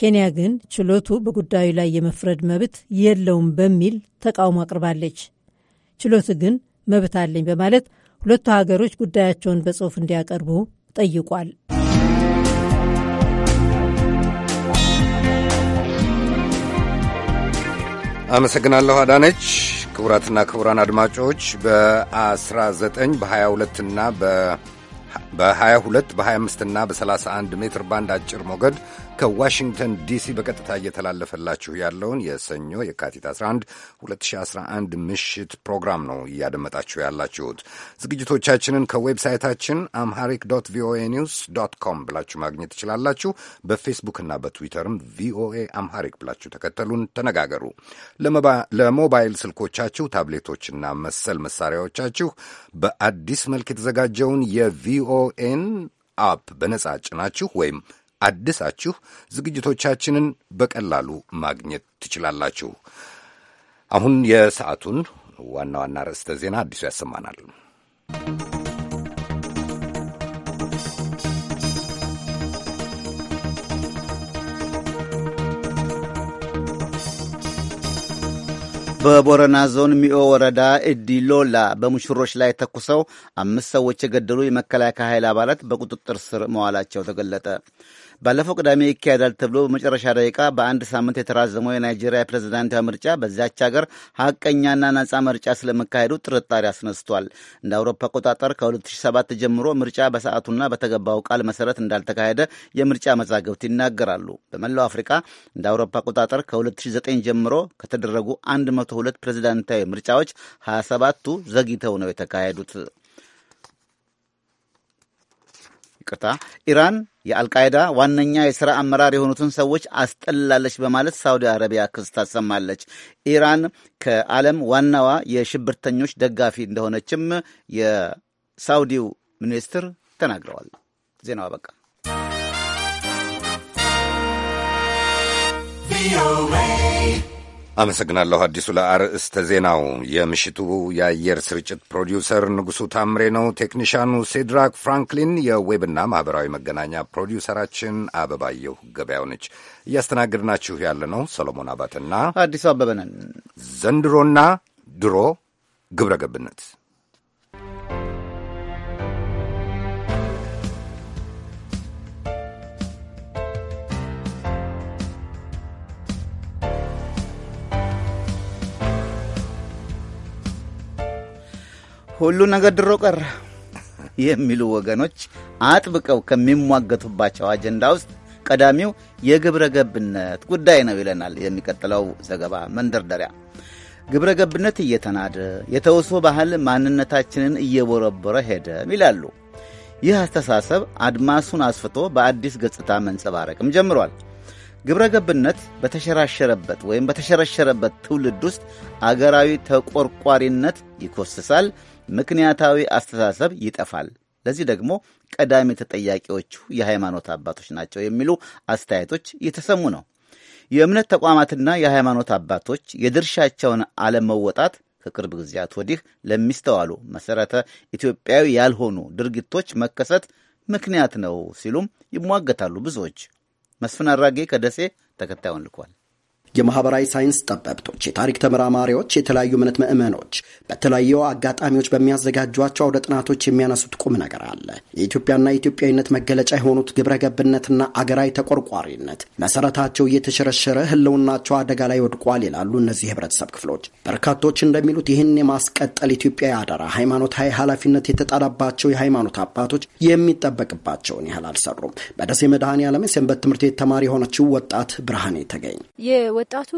ኬንያ ግን ችሎቱ በጉዳዩ ላይ የመፍረድ መብት የለውም በሚል ተቃውሞ አቅርባለች። ችሎቱ ግን መብት አለኝ በማለት ሁለቱ ሀገሮች ጉዳያቸውን በጽሑፍ እንዲያቀርቡ ጠይቋል። አመሰግናለሁ አዳነች። ክቡራትና ክቡራን አድማጮች በ19 በ22 እና በ 22 በ25 እና በ31 ሜትር ባንድ አጭር ሞገድ ከዋሽንግተን ዲሲ በቀጥታ እየተላለፈላችሁ ያለውን የሰኞ የካቲት 11 2011 ምሽት ፕሮግራም ነው እያደመጣችሁ ያላችሁት። ዝግጅቶቻችንን ከዌብሳይታችን አምሃሪክ ዶት ቪኦኤ ኒውስ ዶት ኮም ብላችሁ ማግኘት ትችላላችሁ። በፌስቡክና በትዊተርም ቪኦኤ አምሃሪክ ብላችሁ ተከተሉን፣ ተነጋገሩ። ለሞባይል ስልኮቻችሁ ታብሌቶችና መሰል መሳሪያዎቻችሁ በአዲስ መልክ የተዘጋጀውን የቪኦኤን አፕ በነጻ ጭናችሁ ወይም አድሳችሁ ዝግጅቶቻችንን በቀላሉ ማግኘት ትችላላችሁ። አሁን የሰዓቱን ዋና ዋና ርዕስተ ዜና አዲሱ ያሰማናል። በቦረና ዞን ሚኦ ወረዳ እዲሎላ በሙሽሮች ላይ ተኩሰው አምስት ሰዎች የገደሉ የመከላከያ ኃይል አባላት በቁጥጥር ስር መዋላቸው ተገለጠ። ባለፈው ቅዳሜ ይካሄዳል ተብሎ በመጨረሻ ደቂቃ በአንድ ሳምንት የተራዘመው የናይጄሪያ ፕሬዝዳንታዊ ምርጫ በዚያች ሀገር ሀቀኛና ነጻ ምርጫ ስለመካሄዱ ጥርጣሬ አስነስቷል። እንደ አውሮፓ አቆጣጠር ከ2007 ጀምሮ ምርጫ በሰዓቱና በተገባው ቃል መሰረት እንዳልተካሄደ የምርጫ መዛግብት ይናገራሉ። በመላው አፍሪካ እንደ አውሮፓ አቆጣጠር ከ2009 ጀምሮ ከተደረጉ 102 ፕሬዝዳንታዊ ምርጫዎች 27ቱ ዘግይተው ነው የተካሄዱት። ይቅርታ ኢራን የአልቃይዳ ዋነኛ የሥራ አመራር የሆኑትን ሰዎች አስጠልላለች በማለት ሳውዲ አረቢያ ክስ ታሰማለች። ኢራን ከዓለም ዋናዋ የሽብርተኞች ደጋፊ እንደሆነችም የሳውዲው ሚኒስትር ተናግረዋል። ዜናው አበቃ። አመሰግናለሁ አዲሱ። ለአርዕስተ ዜናው የምሽቱ የአየር ስርጭት ፕሮዲውሰር ንጉሡ ታምሬ ነው። ቴክኒሻኑ ሴድራክ ፍራንክሊን፣ የዌብና ማኅበራዊ መገናኛ ፕሮዲውሰራችን አበባየሁ ገበያው ነች። እያስተናገድናችሁ ያለ ነው ሰሎሞን አባትና አዲሱ አበበ ነን። ዘንድሮና ድሮ ግብረ ገብነት ሁሉ ነገር ድሮ ቀረ የሚሉ ወገኖች አጥብቀው ከሚሟገቱባቸው አጀንዳ ውስጥ ቀዳሚው የግብረ ገብነት ጉዳይ ነው ይለናል የሚቀጥለው ዘገባ መንደርደሪያ። ግብረ ገብነት እየተናደ የተውሶ ባህል ማንነታችንን እየቦረቦረ ሄደም ይላሉ። ይህ አስተሳሰብ አድማሱን አስፍቶ በአዲስ ገጽታ መንጸባረቅም ጀምሯል። ግብረ ገብነት በተሸራሸረበት ወይም በተሸረሸረበት ትውልድ ውስጥ አገራዊ ተቆርቋሪነት ይኮስሳል። ምክንያታዊ አስተሳሰብ ይጠፋል። ለዚህ ደግሞ ቀዳሚ ተጠያቂዎቹ የሃይማኖት አባቶች ናቸው የሚሉ አስተያየቶች እየተሰሙ ነው። የእምነት ተቋማትና የሃይማኖት አባቶች የድርሻቸውን አለመወጣት ከቅርብ ጊዜያት ወዲህ ለሚስተዋሉ መሠረተ ኢትዮጵያዊ ያልሆኑ ድርጊቶች መከሰት ምክንያት ነው ሲሉም ይሟገታሉ ብዙዎች። መስፍን አራጌ ከደሴ ተከታዩን ልኳል። የማህበራዊ ሳይንስ ጠበብቶች፣ የታሪክ ተመራማሪዎች፣ የተለያዩ እምነት ምዕመኖች በተለያዩ አጋጣሚዎች በሚያዘጋጇቸው አውደ ጥናቶች የሚያነሱት ቁም ነገር አለ። የኢትዮጵያና የኢትዮጵያዊነት መገለጫ የሆኑት ግብረ ገብነትና አገራዊ ተቆርቋሪነት መሰረታቸው እየተሸረሸረ ህልውናቸው አደጋ ላይ ወድቋል ይላሉ እነዚህ የህብረተሰብ ክፍሎች። በርካቶች እንደሚሉት ይህን የማስቀጠል ኢትዮጵያ አደራ ሃይማኖታዊ ኃላፊነት የተጣለባቸው የሃይማኖት አባቶች የሚጠበቅባቸውን ያህል አልሰሩም። በደሴ መድኃኔ ዓለም የሰንበት ትምህርት ቤት ተማሪ የሆነችው ወጣት ብርሃኔ ተገኝ ወጣቱ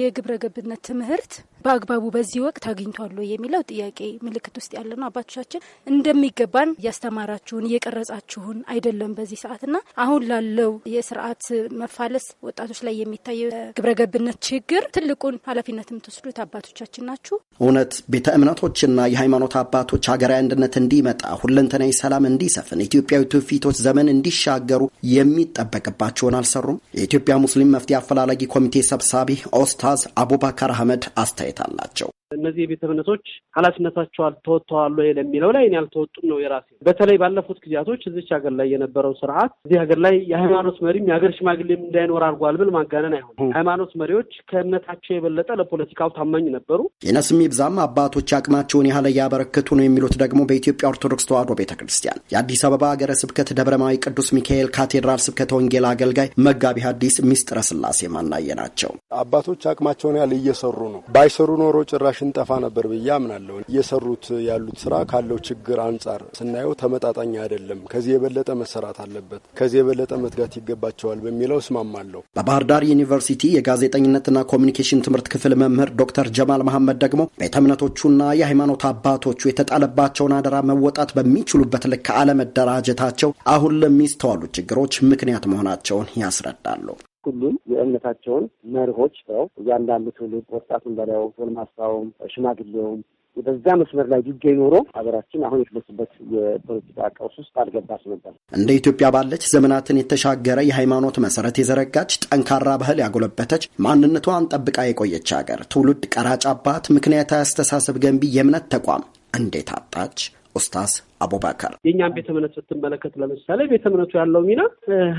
የግብረ ገብነት ትምህርት በአግባቡ በዚህ ወቅት አግኝቷሉ የሚለው ጥያቄ ምልክት ውስጥ ያለ ነው። አባቶቻችን እንደሚገባን እያስተማራችሁን እየቀረጻችሁን አይደለም በዚህ ሰዓትና አሁን ላለው የስርዓት መፋለስ ወጣቶች ላይ የሚታየው ግብረገብነት ችግር ትልቁን ኃላፊነት የምትወስዱት አባቶቻችን ናችሁ። እውነት ቤተ እምነቶችና የሃይማኖት አባቶች ሀገራዊ አንድነት እንዲመጣ፣ ሁለንተናዊ ሰላም እንዲሰፍን፣ ኢትዮጵያዊ ትውፊቶች ዘመን እንዲሻገሩ የሚጠበቅባቸውን አልሰሩም። የኢትዮጵያ ሙስሊም መፍትሄ አፈላላጊ ኮሚቴ ሰብሳቢ ኦስታዝ አቡባካር አህመድ አስተያየት አስተያየት አላቸው። እነዚህ የቤተ እምነቶች ኃላፊነታቸው አልተወጥተዋል ወይ ለሚለው ላይ እኔ አልተወጡም ነው የራሴ። በተለይ ባለፉት ጊዜያቶች እዚች ሀገር ላይ የነበረው ስርዓት እዚህ ሀገር ላይ የሃይማኖት መሪም የሀገር ሽማግሌም እንዳይኖር አድርጓል ብል ማጋነን አይሆን። ሃይማኖት መሪዎች ከእምነታቸው የበለጠ ለፖለቲካው ታማኝ ነበሩ። ጤነስም ይብዛም አባቶች አቅማቸውን ያህል እያበረከቱ ነው የሚሉት ደግሞ በኢትዮጵያ ኦርቶዶክስ ተዋዶ ቤተ ክርስቲያን የአዲስ አበባ ሀገረ ስብከት ደብረማዊ ቅዱስ ሚካኤል ካቴድራል ስብከተ ወንጌል አገልጋይ መጋቢ ሐዲስ ሚስጥረ ስላሴ ማናየ ናቸው። አባቶች አቅማቸውን ያህል እየሰሩ ነው። ባይሰሩ ኖሮ ጭራሽ ጭራሽ እንጠፋ ነበር ብዬ አምናለሁ። እየሰሩት ያሉት ስራ ካለው ችግር አንጻር ስናየው ተመጣጣኝ አይደለም። ከዚህ የበለጠ መሰራት አለበት፣ ከዚህ የበለጠ መትጋት ይገባቸዋል በሚለው እስማማለሁ። በባህር ዳር ዩኒቨርሲቲ የጋዜጠኝነትና ኮሚኒኬሽን ትምህርት ክፍል መምህር ዶክተር ጀማል መሐመድ ደግሞ ቤተ እምነቶቹና የሃይማኖት አባቶቹ የተጣለባቸውን አደራ መወጣት በሚችሉበት ልክ አለመደራጀታቸው አሁን ለሚስተዋሉ ችግሮች ምክንያት መሆናቸውን ያስረዳሉ። ሁሉም የእምነታቸውን መርሆች ነው። እያንዳንዱ ትውልድ ወጣቱን በለው ጎልማሳውም፣ ሽማግሌውም በዛ መስመር ላይ ቢገኝ ኖሮ ሀገራችን አሁን የተደስበት የፖለቲካ ቀውስ ውስጥ አልገባስ ነበር። እንደ ኢትዮጵያ ባለች ዘመናትን የተሻገረ የሃይማኖት መሰረት የዘረጋች ጠንካራ ባህል ያጎለበተች ማንነቷን ጠብቃ የቆየች ሀገር ትውልድ ቀራጭ አባት ምክንያታዊ አስተሳሰብ ገንቢ የእምነት ተቋም እንዴት አጣች? ኡስታዝ አቡባከር የእኛም ቤተ እምነት ስትመለከት ለምሳሌ ቤተ እምነቱ ያለው ሚና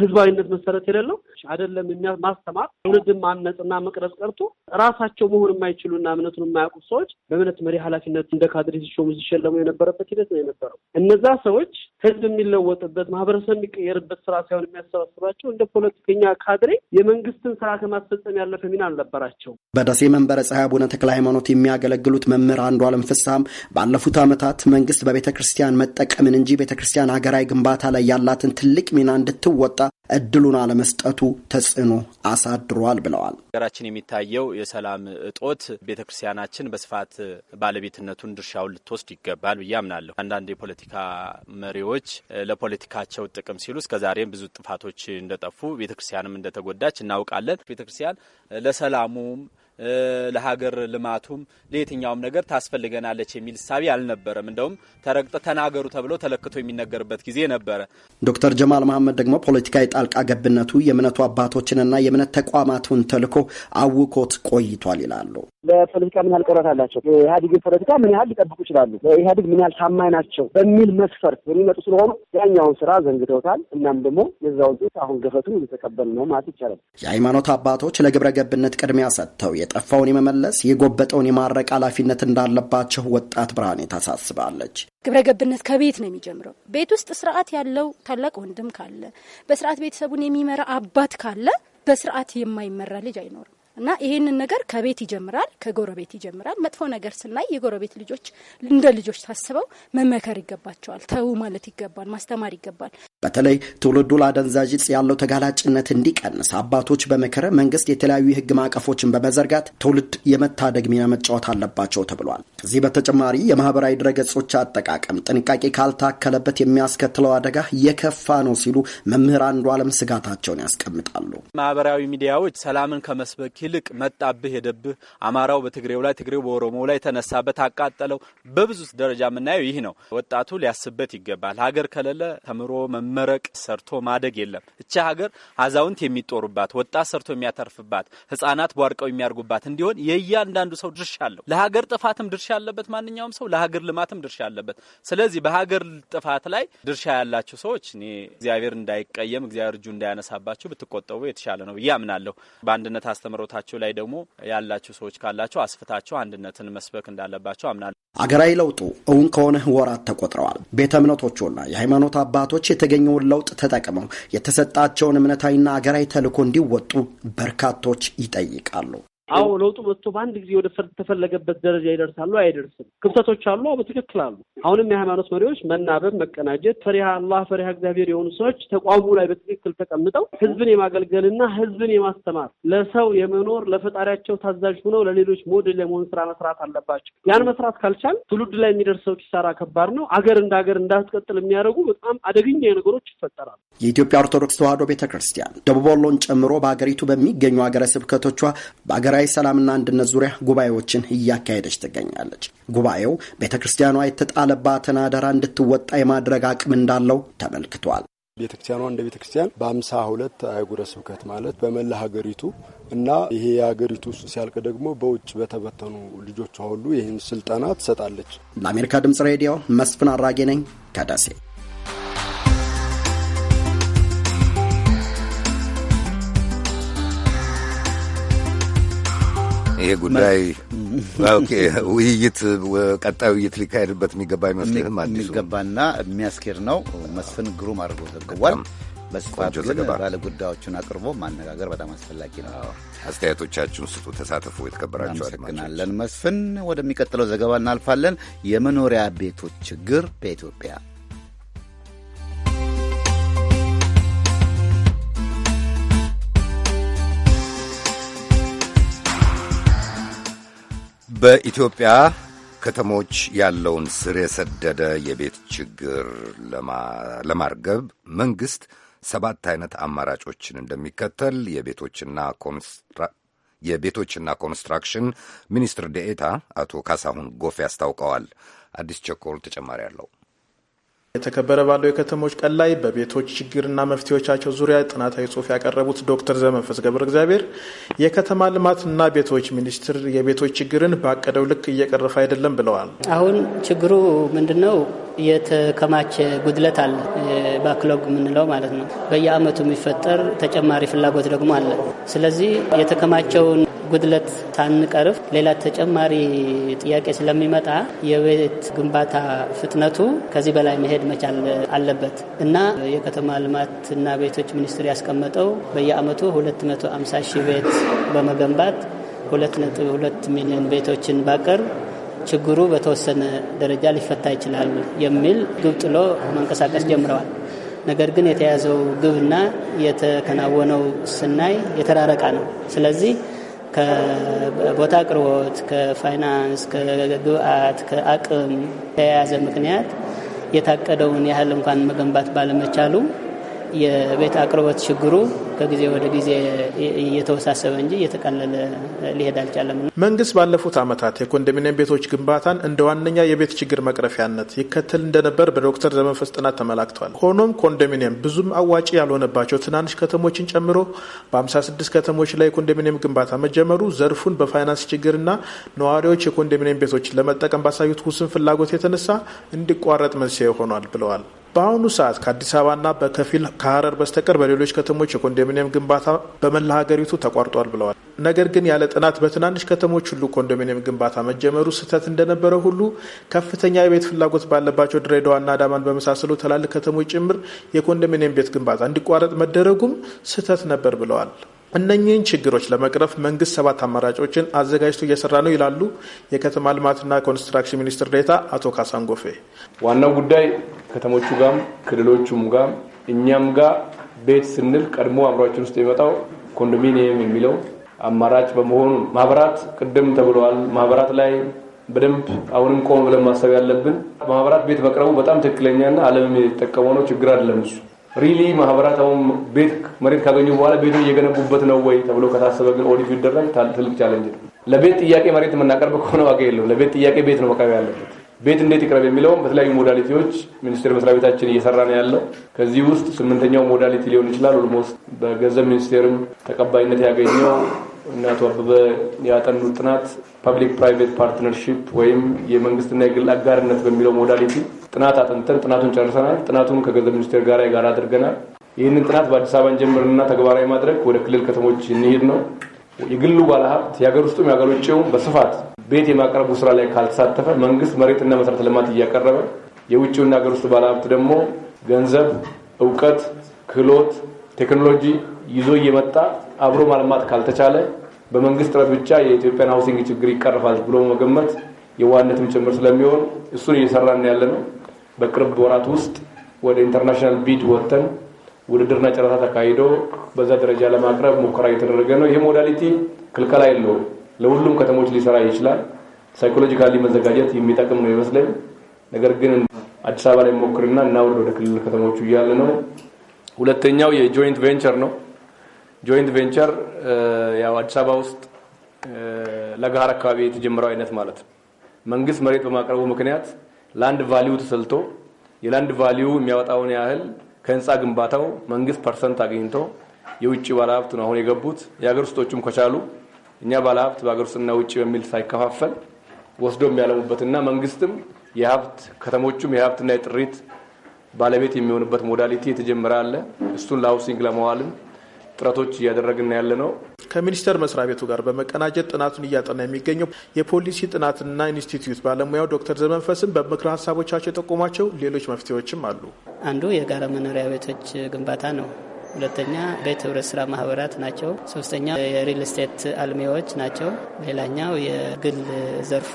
ህዝባዊነት መሰረት የሌለው አይደለም ማስተማር ትውልድን እና መቅረጽ ቀርቶ ራሳቸው መሆን የማይችሉና እምነቱን የማያውቁ ሰዎች በእምነት መሪ ኃላፊነት እንደ ካድሬ ሲሾሙ ሲሸለሙ የነበረበት ሂደት ነው የነበረው። እነዛ ሰዎች ህዝብ የሚለወጥበት ማህበረሰብ የሚቀየርበት ስራ ሳይሆን የሚያሰባስባቸው እንደ ፖለቲከኛ ካድሬ የመንግስትን ስራ ከማስፈጸም ያለፈ ሚና አልነበራቸው። በደሴ መንበረ ፀሐይ አቡነ ተክለ ሃይማኖት የሚያገለግሉት መምህር አንዱ አለም ፍሳም ባለፉት ዓመታት መንግስት በቤተ ክርስቲያን መጠቀምን እንጂ ቤተ ክርስቲያን ሀገራዊ ግንባታ ላይ ያላትን ትልቅ ሚና እንድትወጣ እድሉን አለመስጠቱ ተጽዕኖ አሳድሯል ብለዋል። ሀገራችን የሚታየው የሰላም እጦት ቤተ ክርስቲያናችን በስፋት ባለቤትነቱን ድርሻውን ልትወስድ ይገባል ብዬ አምናለሁ። አንዳንድ የፖለቲካ መሪዎች ለፖለቲካቸው ጥቅም ሲሉ እስከዛሬም ብዙ ጥፋቶች እንደጠፉ ቤተ ክርስቲያንም እንደተጎዳች እናውቃለን። ቤተ ክርስቲያን ለሰላሙም ለሀገር ልማቱም ለየትኛውም ነገር ታስፈልገናለች የሚል ሳቢ አልነበረም። እንደውም ተረግጠ ተናገሩ ተብሎ ተለክቶ የሚነገርበት ጊዜ ነበረ። ዶክተር ጀማል መሐመድ ደግሞ ፖለቲካዊ ጣልቃ ገብነቱ የእምነቱ አባቶችንና የእምነት ተቋማቱን ተልኮ አውኮት ቆይቷል ይላሉ። ለፖለቲካ ምን ያህል ቅርበት አላቸው፣ የኢህአዴግን ፖለቲካ ምን ያህል ሊጠብቁ ይችላሉ፣ ለኢህአዴግ ምን ያህል ታማኝ ናቸው በሚል መስፈርት የሚመጡ ስለሆኑ ያኛውን ስራ ዘንግተውታል። እናም ደግሞ የዛውን አሁን ገፈቱ እየተቀበል ነው ማለት ይቻላል። የሃይማኖት አባቶች ለግብረ ገብነት ቅድሚያ ሰጥተው የጠፋውን የመመለስ የጎበጠውን የማረቅ ኃላፊነት እንዳለባቸው ወጣት ብርሃኔ ታሳስባለች። ግብረ ገብነት ከቤት ነው የሚጀምረው። ቤት ውስጥ ስርዓት ያለው ታላቅ ወንድም ካለ፣ በስርዓት ቤተሰቡን የሚመራ አባት ካለ በስርዓት የማይመራ ልጅ አይኖርም። እና ይሄንን ነገር ከቤት ይጀምራል፣ ከጎረቤት ይጀምራል። መጥፎ ነገር ስናይ የጎረቤት ልጆች እንደ ልጆች ታስበው መመከር ይገባቸዋል። ተዉ ማለት ይገባል፣ ማስተማር ይገባል። በተለይ ትውልዱ ለአደንዛዥ ያለው ተጋላጭነት እንዲቀንስ አባቶች በመከረ መንግስት የተለያዩ የህግ ማዕቀፎችን በመዘርጋት ትውልድ የመታደግ ሚና መጫወት አለባቸው ተብሏል። ከዚህ በተጨማሪ የማህበራዊ ድረገጾች አጠቃቀም ጥንቃቄ ካልታከለበት የሚያስከትለው አደጋ የከፋ ነው ሲሉ መምህር አንዱ አለም ስጋታቸውን ያስቀምጣሉ። ማህበራዊ ሚዲያዎች ሰላምን ከመስበክ ይልቅ መጣብህ፣ ሄደብህ፣ አማራው በትግሬው ላይ፣ ትግሬው በኦሮሞው ላይ ተነሳበት፣ አቃጠለው። በብዙ ደረጃ የምናየው ይህ ነው። ወጣቱ ሊያስብበት ይገባል። ሀገር ከሌለ ተምሮ መመረቅ፣ ሰርቶ ማደግ የለም። እቺ ሀገር አዛውንት የሚጦሩባት፣ ወጣት ሰርቶ የሚያተርፍባት፣ ህጻናት ቧርቀው የሚያርጉባት እንዲሆን የእያንዳንዱ ሰው ድርሻ አለው። ለሀገር ጥፋትም ድርሻ ያለበት ማንኛውም ሰው ለሀገር ልማትም ድርሻ አለበት። ስለዚህ በሀገር ጥፋት ላይ ድርሻ ያላችሁ ሰዎች እኔ እግዚአብሔር እንዳይቀየም እግዚአብሔር እጁ እንዳያነሳባችሁ ብትቆጠቡ የተሻለ ነው ብዬ አምናለሁ። በአንድነት አስተምሮታ እምነታችሁ ላይ ደግሞ ያላችሁ ሰዎች ካላቸው አስፍታቸው አንድነትን መስበክ እንዳለባቸው አምናለሁ። አገራዊ ለውጡ እውን ከሆነ ወራት ተቆጥረዋል። ቤተ እምነቶቹና የሃይማኖት አባቶች የተገኘውን ለውጥ ተጠቅመው የተሰጣቸውን እምነታዊና አገራዊ ተልዕኮ እንዲወጡ በርካቶች ይጠይቃሉ። አዎ ለውጡ መጥቶ በአንድ ጊዜ ወደ ተፈለገበት ደረጃ ይደርሳሉ አይደርስም? ክፍተቶች አሉ፣ በትክክል አሉ። አሁንም የሃይማኖት መሪዎች መናበብ፣ መቀናጀት፣ ፈሪሃ አላህ ፈሪሃ እግዚአብሔር የሆኑ ሰዎች ተቋሙ ላይ በትክክል ተቀምጠው ህዝብን የማገልገልና ህዝብን የማስተማር ለሰው የመኖር ለፈጣሪያቸው ታዛዥ ሆነው ለሌሎች ሞዴል የመሆን ስራ መስራት አለባቸው። ያን መስራት ካልቻል ትውልድ ላይ የሚደርሰው ኪሳራ ከባድ ነው። አገር እንደ ሀገር እንዳትቀጥል የሚያደርጉ በጣም አደገኛ ነገሮች ይፈጠራሉ። የኢትዮጵያ ኦርቶዶክስ ተዋህዶ ቤተክርስቲያን ደቡብ ወሎን ጨምሮ በሀገሪቱ በሚገኙ ሀገረ ስብከቶቿ በሀገራ በብሔራዊ ሰላምና አንድነት ዙሪያ ጉባኤዎችን እያካሄደች ትገኛለች። ጉባኤው ቤተ ክርስቲያኗ የተጣለባትን አደራ እንድትወጣ የማድረግ አቅም እንዳለው ተመልክቷል። ቤተ ክርስቲያኗ እንደ ቤተ ክርስቲያን በአምሳ ሁለት አህጉረ ስብከት ማለት በመላ ሀገሪቱ እና ይሄ የሀገሪቱ ውስጥ ሲያልቅ ደግሞ በውጭ በተበተኑ ልጆቿ ሁሉ ይህን ስልጠና ትሰጣለች። ለአሜሪካ ድምጽ ሬዲዮ መስፍን አራጌ ነኝ ከደሴ ይሄ ጉዳይ ውይይት ቀጣይ ውይይት ሊካሄድበት የሚገባ ይመስልህም? አዲሱ የሚገባና የሚያስኬድ ነው። መስፍን ግሩም አድርጎ ዘግቧል። በስፋት ግን ባለ ጉዳዮቹን አቅርቦ ማነጋገር በጣም አስፈላጊ ነው። አስተያየቶቻችሁን ስጡ፣ ተሳተፉ። የተከበራችሁ አመሰግናለን መስፍን። ወደሚቀጥለው ዘገባ እናልፋለን። የመኖሪያ ቤቶች ችግር በኢትዮጵያ በኢትዮጵያ ከተሞች ያለውን ስር የሰደደ የቤት ችግር ለማርገብ መንግሥት ሰባት አይነት አማራጮችን እንደሚከተል የቤቶችና ኮንስትራክሽን ሚኒስትር ደኤታ አቶ ካሳሁን ጎፌ አስታውቀዋል። አዲስ ቸኮል ተጨማሪ አለው። የተከበረ ባለው የከተሞች ቀን ላይ በቤቶች ችግርና መፍትሄዎቻቸው ዙሪያ ጥናታዊ ጽሁፍ ያቀረቡት ዶክተር ዘመንፈስ ገብረ እግዚአብሔር የከተማ ልማትና ቤቶች ሚኒስቴር የቤቶች ችግርን ባቀደው ልክ እየቀረፈ አይደለም ብለዋል። አሁን ችግሩ ምንድን ነው? የተከማቸ ጉድለት አለ፣ ባክሎግ የምንለው ማለት ነው። በየአመቱ የሚፈጠር ተጨማሪ ፍላጎት ደግሞ አለ። ስለዚህ የተከማቸውን ጉድለት ሳንቀርፍ ሌላ ተጨማሪ ጥያቄ ስለሚመጣ የቤት ግንባታ ፍጥነቱ ከዚህ በላይ መሄድ መቻል አለበት እና የከተማ ልማትና ቤቶች ሚኒስቴር ያስቀመጠው በየአመቱ 250 ሺህ ቤት በመገንባት 2.2 ሚሊዮን ቤቶችን ባቀርብ ችግሩ በተወሰነ ደረጃ ሊፈታ ይችላል የሚል ግብ ጥሎ መንቀሳቀስ ጀምረዋል። ነገር ግን የተያዘው ግብና የተከናወነው ስናይ የተራረቀ ነው። ስለዚህ ከቦታ አቅርቦት፣ ከፋይናንስ፣ ከግብአት፣ ከአቅም የያዘ ምክንያት የታቀደውን ያህል እንኳን መገንባት ባለመቻሉ የቤት አቅርቦት ችግሩ ከጊዜ ወደ ጊዜ እየተወሳሰበ እንጂ እየተቀለለ ሊሄድ አልቻለም። መንግስት ባለፉት ዓመታት የኮንዶሚኒየም ቤቶች ግንባታን እንደ ዋነኛ የቤት ችግር መቅረፊያነት ይከተል እንደነበር በዶክተር ዘመንፈስ ጥናት ተመላክቷል። ሆኖም ኮንዶሚኒየም ብዙም አዋጪ ያልሆነባቸው ትናንሽ ከተሞችን ጨምሮ በ56 ከተሞች ላይ የኮንዶሚኒየም ግንባታ መጀመሩ ዘርፉን በፋይናንስ ችግርና ነዋሪዎች የኮንዶሚኒየም ቤቶችን ለመጠቀም ባሳዩት ውስን ፍላጎት የተነሳ እንዲቋረጥ መንስኤ ሆኗል ብለዋል። በአሁኑ ሰዓት ከአዲስ አበባና በከፊል ከሀረር በስተቀር በሌሎች ከተሞች የኮንዶሚኒየም ግንባታ በመላ ሀገሪቱ ተቋርጧል ብለዋል። ነገር ግን ያለ ጥናት በትናንሽ ከተሞች ሁሉ ኮንዶሚኒየም ግንባታ መጀመሩ ስህተት እንደነበረ ሁሉ ከፍተኛ የቤት ፍላጎት ባለባቸው ድሬዳዋና አዳማን በመሳሰሉ ትላልቅ ከተሞች ጭምር የኮንዶሚኒየም ቤት ግንባታ እንዲቋረጥ መደረጉም ስህተት ነበር ብለዋል። እነኚህን ችግሮች ለመቅረፍ መንግስት ሰባት አማራጮችን አዘጋጅቶ እየሰራ ነው ይላሉ የከተማ ልማትና ኮንስትራክሽን ሚኒስትር ዴታ አቶ ካሳንጎፌ። ዋናው ጉዳይ ከተሞቹ ጋም ክልሎቹም ጋም እኛም ጋር ቤት ስንል ቀድሞ አእምሯችን ውስጥ የሚመጣው ኮንዶሚኒየም የሚለው አማራጭ በመሆኑ ማህበራት ቅድም ተብለዋል። ማህበራት ላይ በደንብ አሁንም ቆም ብለን ማሰብ ያለብን ማህበራት ቤት መቅረቡ በጣም ትክክለኛና ዓለም የሚጠቀመው ነው። ችግር አይደለም እሱ ሪሊ ማህበራት ቤት መሬት ካገኙ በኋላ ቤቱን እየገነቡበት ነው ወይ ተብሎ ከታሰበ ግን ኦዲቱ ይደረግ ትልቅ ቻለንጅ ነው። ለቤት ጥያቄ መሬት የምናቀርብ ከሆነ ዋጋ የለው። ለቤት ጥያቄ ቤት ነው መቅረብ ያለበት። ቤት እንዴት ይቅረብ የሚለውም በተለያዩ ሞዳሊቲዎች ሚኒስቴር መስሪያ ቤታችን እየሰራ ነው ያለው። ከዚህ ውስጥ ስምንተኛው ሞዳሊቲ ሊሆን ይችላል ኦልሞስት በገንዘብ ሚኒስቴርም ተቀባይነት ያገኘው እና አቶ አበበ ያጠኑት ጥናት ፐብሊክ ፕራይቬት ፓርትነርሺፕ ወይም የመንግስትና የግል አጋርነት በሚለው ሞዳሊቲ ጥናት አጥንተን ጥናቱን ጨርሰናል። ጥናቱን ከገንዘብ ሚኒስቴር ጋር የጋራ አድርገናል። ይህንን ጥናት በአዲስ አበባ እንጀምርና ተግባራዊ ማድረግ ወደ ክልል ከተሞች እንሄድ ነው። የግሉ ባለሀብት የሀገር ውስጡም የሀገር ውጭውም በስፋት ቤት የማቅረቡ ስራ ላይ ካልተሳተፈ መንግስት መሬትና መሰረተ ልማት እያቀረበ የውጭውና ሀገር ውስጥ ባለሀብት ደግሞ ገንዘብ፣ እውቀት፣ ክህሎት፣ ቴክኖሎጂ ይዞ እየመጣ አብሮ ማልማት ካልተቻለ በመንግስት ጥረት ብቻ የኢትዮጵያን ሃውሲንግ ችግር ይቀርፋል ብሎ መገመት የዋነትም ጭምር ስለሚሆን እሱን እየሰራን ያለ ነው። በቅርብ ወራት ውስጥ ወደ ኢንተርናሽናል ቢድ ወጥተን ውድድርና ጨረታ ተካሂዶ በዛ ደረጃ ለማቅረብ ሙከራ እየተደረገ ነው። ይህ ሞዳሊቲ ክልከላ የለውም። ለሁሉም ከተሞች ሊሰራ ይችላል። ሳይኮሎጂካሊ መዘጋጀት የሚጠቅም ነው ይመስለኝ። ነገር ግን አዲስ አበባ ላይ ሞክርና እናውርድ ወደ ክልል ከተሞቹ እያለ ነው። ሁለተኛው የጆይንት ቬንቸር ነው። ጆይንት ቬንቸር eh, ያው አዲስ አበባ ውስጥ eh, ለጋር አካባቢ የተጀመረው አይነት ማለት ነው። መንግስት መሬት በማቅረቡ ምክንያት ላንድ ቫሊዩ ተሰልቶ የላንድ ቫሊዩ የሚያወጣውን ያህል ከህንፃ ግንባታው መንግስት ፐርሰንት አግኝቶ የውጭ ባለሀብት ነው አሁን የገቡት። የሀገር ውስጦቹም ከቻሉ እኛ ባለሀብት በሀገር ውስጥና ውጭ በሚል ሳይከፋፈል ወስዶ የሚያለሙበትና መንግስትም የሀብት ከተሞቹም የሀብትና የጥሪት ባለቤት የሚሆንበት ሞዳሊቲ የተጀመረ አለ። እሱን ለሀውሲንግ ለመዋልም ጥረቶች እያደረግን ያለ ነው። ከሚኒስቴር መስሪያ ቤቱ ጋር በመቀናጀት ጥናቱን እያጠና የሚገኘው የፖሊሲ ጥናትና ኢንስቲትዩት ባለሙያው ዶክተር ዘመንፈስን በምክረ ሀሳቦቻቸው የጠቆሟቸው ሌሎች መፍትሄዎችም አሉ። አንዱ የጋራ መኖሪያ ቤቶች ግንባታ ነው። ሁለተኛ ቤት ህብረት ስራ ማህበራት ናቸው። ሶስተኛ የሪል ስቴት አልሚዎች ናቸው። ሌላኛው የግል ዘርፉ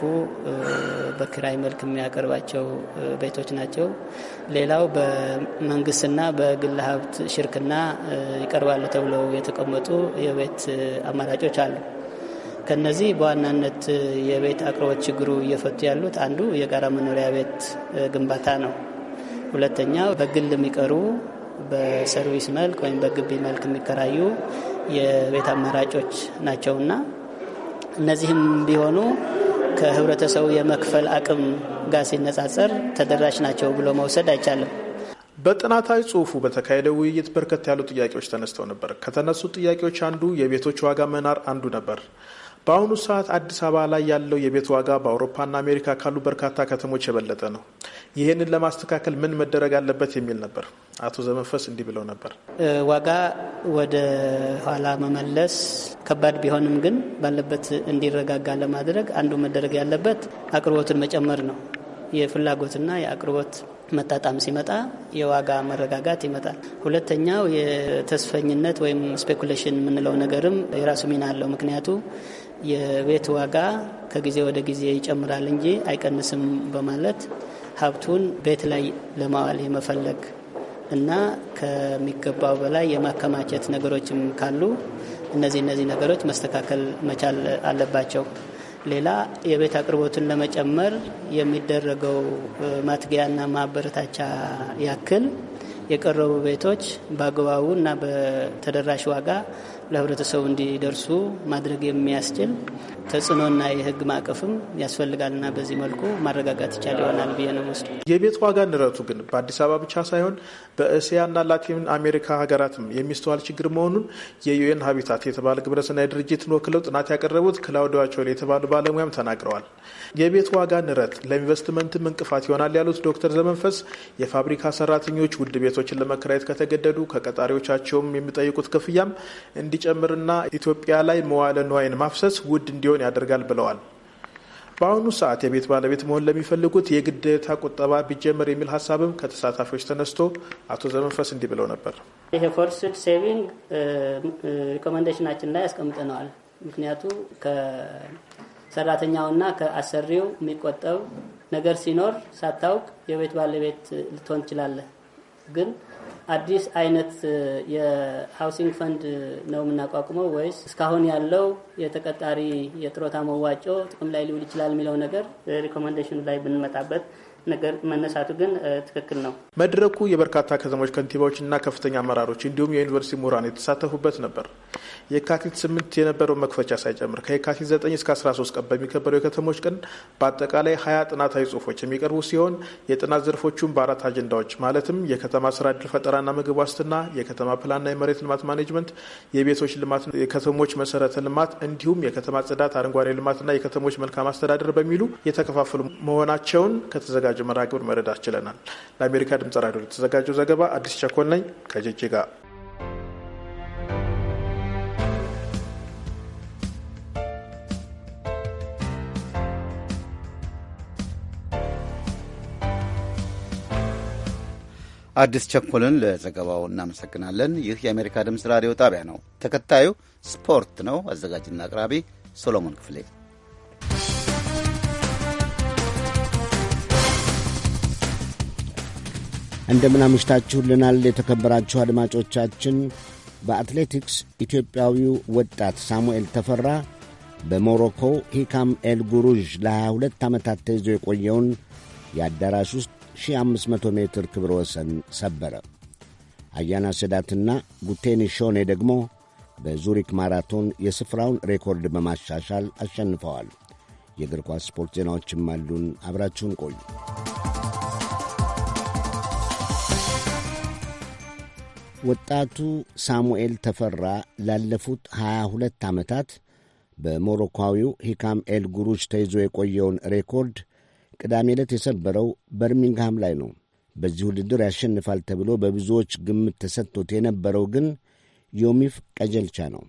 በክራይ መልክ የሚያቀርባቸው ቤቶች ናቸው። ሌላው በመንግስትና በግል ሀብት ሽርክና ይቀርባሉ ተብለው የተቀመጡ የቤት አማራጮች አሉ። ከነዚህ በዋናነት የቤት አቅርቦት ችግሩ እየፈቱ ያሉት አንዱ የጋራ መኖሪያ ቤት ግንባታ ነው። ሁለተኛው በግል የሚቀርቡ በሰርቪስ መልክ ወይም በግቢ መልክ የሚከራዩ የቤት አማራጮች ናቸውና እነዚህም ቢሆኑ ከህብረተሰቡ የመክፈል አቅም ጋር ሲነጻጸር ተደራሽ ናቸው ብሎ መውሰድ አይቻልም። በጥናታዊ ጽሁፉ በተካሄደው ውይይት በርከት ያሉ ጥያቄዎች ተነስተው ነበር። ከተነሱት ጥያቄዎች አንዱ የቤቶች ዋጋ መናር አንዱ ነበር። በአሁኑ ሰዓት አዲስ አበባ ላይ ያለው የቤት ዋጋ በአውሮፓና አሜሪካ ካሉ በርካታ ከተሞች የበለጠ ነው። ይህንን ለማስተካከል ምን መደረግ አለበት የሚል ነበር። አቶ ዘመንፈስ እንዲህ ብለው ነበር። ዋጋ ወደ ኋላ መመለስ ከባድ ቢሆንም ግን ባለበት እንዲረጋጋ ለማድረግ አንዱ መደረግ ያለበት አቅርቦትን መጨመር ነው። የፍላጎትና የአቅርቦት መጣጣም ሲመጣ የዋጋ መረጋጋት ይመጣል። ሁለተኛው የተስፈኝነት ወይም ስፔኩሌሽን የምንለው ነገርም የራሱ ሚና አለው። ምክንያቱ የቤት ዋጋ ከጊዜ ወደ ጊዜ ይጨምራል እንጂ አይቀንስም በማለት ሀብቱን ቤት ላይ ለማዋል የመፈለግ እና ከሚገባው በላይ የማከማቸት ነገሮችም ካሉ እነዚህ እነዚህ ነገሮች መስተካከል መቻል አለባቸው። ሌላ የቤት አቅርቦትን ለመጨመር የሚደረገው ማትጊያና ማበረታቻ ያክል የቀረቡ ቤቶች በአግባቡ እና በተደራሽ ዋጋ ለህብረተሰቡ እንዲደርሱ ማድረግ የሚያስችል ተጽዕኖና የህግ ማዕቀፍም ያስፈልጋልና በዚህ መልኩ ማረጋጋት ይቻል ይሆናል ብዬ ነው ወስዱ። የቤት ዋጋ ንረቱ ግን በአዲስ አበባ ብቻ ሳይሆን በእስያና ላቲን አሜሪካ ሀገራትም የሚስተዋል ችግር መሆኑን የዩኤን ሀቢታት የተባለ ግብረሰናይ ድርጅትን ወክለው ጥናት ያቀረቡት ክላውዲዋቸው የተባሉ ባለሙያም ተናግረዋል። የቤት ዋጋ ንረት ለኢንቨስትመንትም እንቅፋት ይሆናል ያሉት ዶክተር ዘመንፈስ የፋብሪካ ሰራተኞች ውድ ቤቶችን ለመከራየት ከተገደዱ ከቀጣሪዎቻቸውም የሚጠይቁት ክፍያም እንዲ እንዲጨምርና ኢትዮጵያ ላይ መዋለ ንዋይን ማፍሰስ ውድ እንዲሆን ያደርጋል ብለዋል። በአሁኑ ሰዓት የቤት ባለቤት መሆን ለሚፈልጉት የግዴታ ቁጠባ ቢጀመር የሚል ሀሳብም ከተሳታፊዎች ተነስቶ አቶ ዘመንፈስ እንዲህ ብለው ነበር። ይሄ ፎርስድ ሴቪንግ ሪኮመንዴሽናችን ላይ ያስቀምጠነዋል። ምክንያቱ ከሰራተኛውና ከአሰሪው የሚቆጠብ ነገር ሲኖር ሳታውቅ የቤት ባለቤት ልትሆን ትችላለህ። ግን አዲስ አይነት የሀውሲንግ ፈንድ ነው የምናቋቁመው ወይስ እስካሁን ያለው የተቀጣሪ የጥሮታ መዋጮ ጥቅም ላይ ሊውል ይችላል የሚለው ነገር ሪኮመንዴሽኑ ላይ ብንመጣበት ነገር መነሳቱ ግን ትክክል ነው። መድረኩ የበርካታ ከተሞች እና ከፍተኛ አመራሮች እንዲሁም የዩኒቨርሲቲ ምሁራን የተሳተፉበት ነበር። የካቲት ስምንት የነበረው መክፈቻ ሳይጨምር ከየካቲት ዘጠኝ እስከ አስራ ሶስት ቀን በሚከበረው የከተሞች ቀን በአጠቃላይ ሀያ ጥናታዊ ጽሁፎች የሚቀርቡ ሲሆን የጥናት ዘርፎቹን በአራት አጀንዳዎች ማለትም የከተማ ስራ እድል ፈጠራና ምግብ ዋስትና፣ የከተማ ፕላንና የመሬት ልማት ማኔጅመንት፣ የቤቶች ልማት፣ የከተሞች መሰረተ ልማት እንዲሁም የከተማ ጽዳት፣ አረንጓዴ ልማትና የከተሞች መልካም አስተዳደር በሚሉ የተከፋፈሉ መሆናቸውን ከተዘጋጀ በተዘጋጀ መርሃ ግብር መረዳት ችለናል። ለአሜሪካ ድምጽ ራዲዮ የተዘጋጀው ዘገባ አዲስ ቸኮል ነኝ ከጅጅጋ። አዲስ ቸኮልን ለዘገባው እናመሰግናለን። ይህ የአሜሪካ ድምፅ ራዲዮ ጣቢያ ነው። ተከታዩ ስፖርት ነው። አዘጋጅና አቅራቢ ሶሎሞን ክፍሌ እንደምን አምሽታችሁልናል የተከበራችሁ አድማጮቻችን። በአትሌቲክስ ኢትዮጵያዊው ወጣት ሳሙኤል ተፈራ በሞሮኮ ሂካም ኤል ጉሩዥ ለ22 ዓመታት ተይዞ የቆየውን የአዳራሽ ውስጥ 1500 ሜትር ክብረ ወሰን ሰበረ። አያና ሰዳትና ጉቴኒ ሾኔ ደግሞ በዙሪክ ማራቶን የስፍራውን ሬኮርድ በማሻሻል አሸንፈዋል። የእግር ኳስ ስፖርት ዜናዎችም አሉን። አብራችሁን ቆዩ። ወጣቱ ሳሙኤል ተፈራ ላለፉት 22 ዓመታት በሞሮኳዊው ሂካም ኤል ጉሩጅ ተይዞ የቆየውን ሬኮርድ ቅዳሜ ዕለት የሰበረው በርሚንግሃም ላይ ነው። በዚህ ውድድር ያሸንፋል ተብሎ በብዙዎች ግምት ተሰጥቶት የነበረው ግን ዮሚፍ ቀጀልቻ ነው።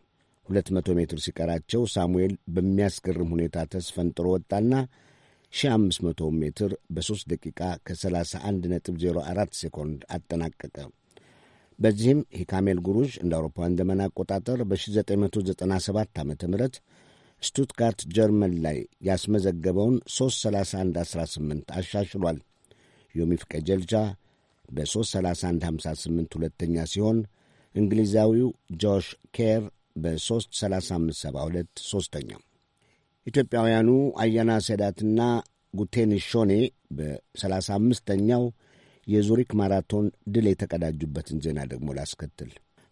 200 ሜትር ሲቀራቸው ሳሙኤል በሚያስገርም ሁኔታ ተስፈንጥሮ ወጣና 1500 ሜትር በ3 ደቂቃ ከ31.04 ሴኮንድ አጠናቀቀ። በዚህም ሂካሜል ጉሩዥ እንደ አውሮፓውያን ዘመን አቆጣጠር በ1997 ዓ ም ስቱትጋርት ጀርመን ላይ ያስመዘገበውን 33118 አሻሽሏል። ዮሚፍ ቀጀልቻ በ33158 ሁለተኛ ሲሆን እንግሊዛዊው ጆሽ ኬር በ33572 ሦስተኛ። ኢትዮጵያውያኑ አያና ሰዳትና ጉቴን ሾኔ በ35ኛው የዙሪክ ማራቶን ድል የተቀዳጁበትን ዜና ደግሞ ላስከትል።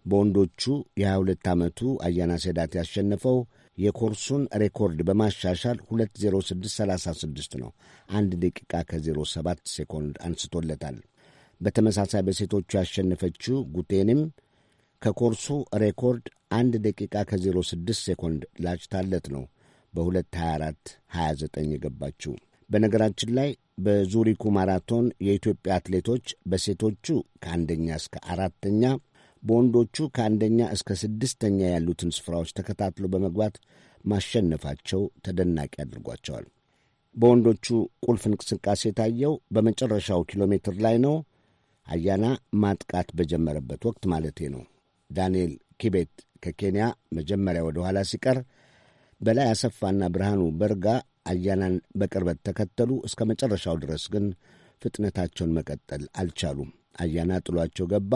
በወንዶቹ የ22 ዓመቱ አያና ሴዳት ያሸነፈው የኮርሱን ሬኮርድ በማሻሻል 20636 ነው። አንድ ደቂቃ ከ07 ሴኮንድ አንስቶለታል። በተመሳሳይ በሴቶቹ ያሸነፈችው ጉቴንም ከኮርሱ ሬኮርድ አንድ ደቂቃ ከ06 ሴኮንድ ላጭታለት ነው በ22429 የገባችው። በነገራችን ላይ በዙሪኩ ማራቶን የኢትዮጵያ አትሌቶች በሴቶቹ ከአንደኛ እስከ አራተኛ በወንዶቹ ከአንደኛ እስከ ስድስተኛ ያሉትን ስፍራዎች ተከታትሎ በመግባት ማሸነፋቸው ተደናቂ አድርጓቸዋል። በወንዶቹ ቁልፍ እንቅስቃሴ የታየው በመጨረሻው ኪሎ ሜትር ላይ ነው። አያና ማጥቃት በጀመረበት ወቅት ማለቴ ነው። ዳንኤል ኪቤት ከኬንያ መጀመሪያ ወደ ኋላ ሲቀር፣ በላይ አሰፋና ብርሃኑ በርጋ አያናን በቅርበት ተከተሉ። እስከ መጨረሻው ድረስ ግን ፍጥነታቸውን መቀጠል አልቻሉም። አያና ጥሏቸው ገባ።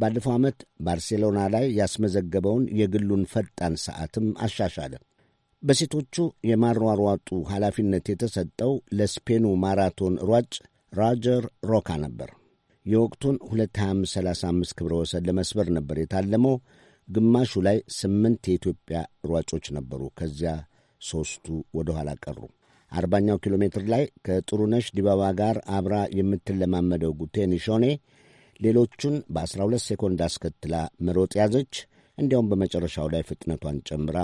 ባለፈው ዓመት ባርሴሎና ላይ ያስመዘገበውን የግሉን ፈጣን ሰዓትም አሻሻለ። በሴቶቹ የማሯሯጡ ኃላፊነት የተሰጠው ለስፔኑ ማራቶን ሯጭ ሮጀር ሮካ ነበር። የወቅቱን 2፡25፡35 ክብረ ወሰን ለመስበር ነበር የታለመው። ግማሹ ላይ ስምንት የኢትዮጵያ ሯጮች ነበሩ። ከዚያ ሦስቱ ወደ ኋላ ቀሩ። አርባኛው ኪሎ ሜትር ላይ ከጥሩነሽ ዲባባ ጋር አብራ የምትለማመደው ጉቴኒ ሾኔ ሌሎቹን በ12 ሴኮንድ አስከትላ መሮጥ ያዘች። እንዲያውም በመጨረሻው ላይ ፍጥነቷን ጨምራ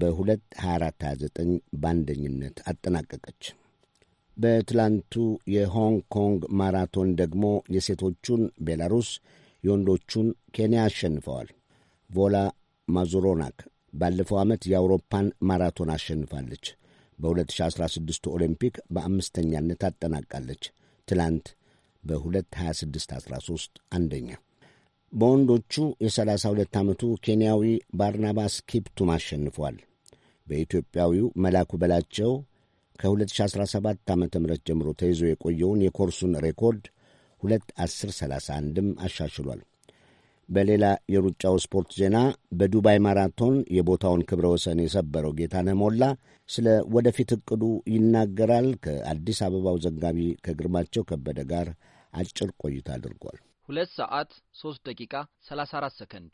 በ2፡24፡29 በአንደኝነት አጠናቀቀች። በትላንቱ የሆንግ ኮንግ ማራቶን ደግሞ የሴቶቹን ቤላሩስ፣ የወንዶቹን ኬንያ አሸንፈዋል። ቮላ ማዙሮናክ ባለፈው ዓመት የአውሮፓን ማራቶን አሸንፋለች። በ2016 ኦሊምፒክ በአምስተኛነት አጠናቃለች። ትላንት በ22613 አንደኛ። በወንዶቹ የ32 ዓመቱ ኬንያዊ ባርናባስ ኪፕቱም አሸንፏል። በኢትዮጵያዊው መላኩ በላቸው ከ2017 ዓ ም ጀምሮ ተይዞ የቆየውን የኮርሱን ሬኮርድ 21031ም አሻሽሏል። በሌላ የሩጫው ስፖርት ዜና በዱባይ ማራቶን የቦታውን ክብረ ወሰን የሰበረው ጌታነህ ሞላ ስለ ወደፊት እቅዱ ይናገራል። ከአዲስ አበባው ዘጋቢ ከግርማቸው ከበደ ጋር አጭር ቆይታ አድርጓል። ሁለት ሰዓት ሶስት ደቂቃ ሰላሳ አራት ሰከንድ።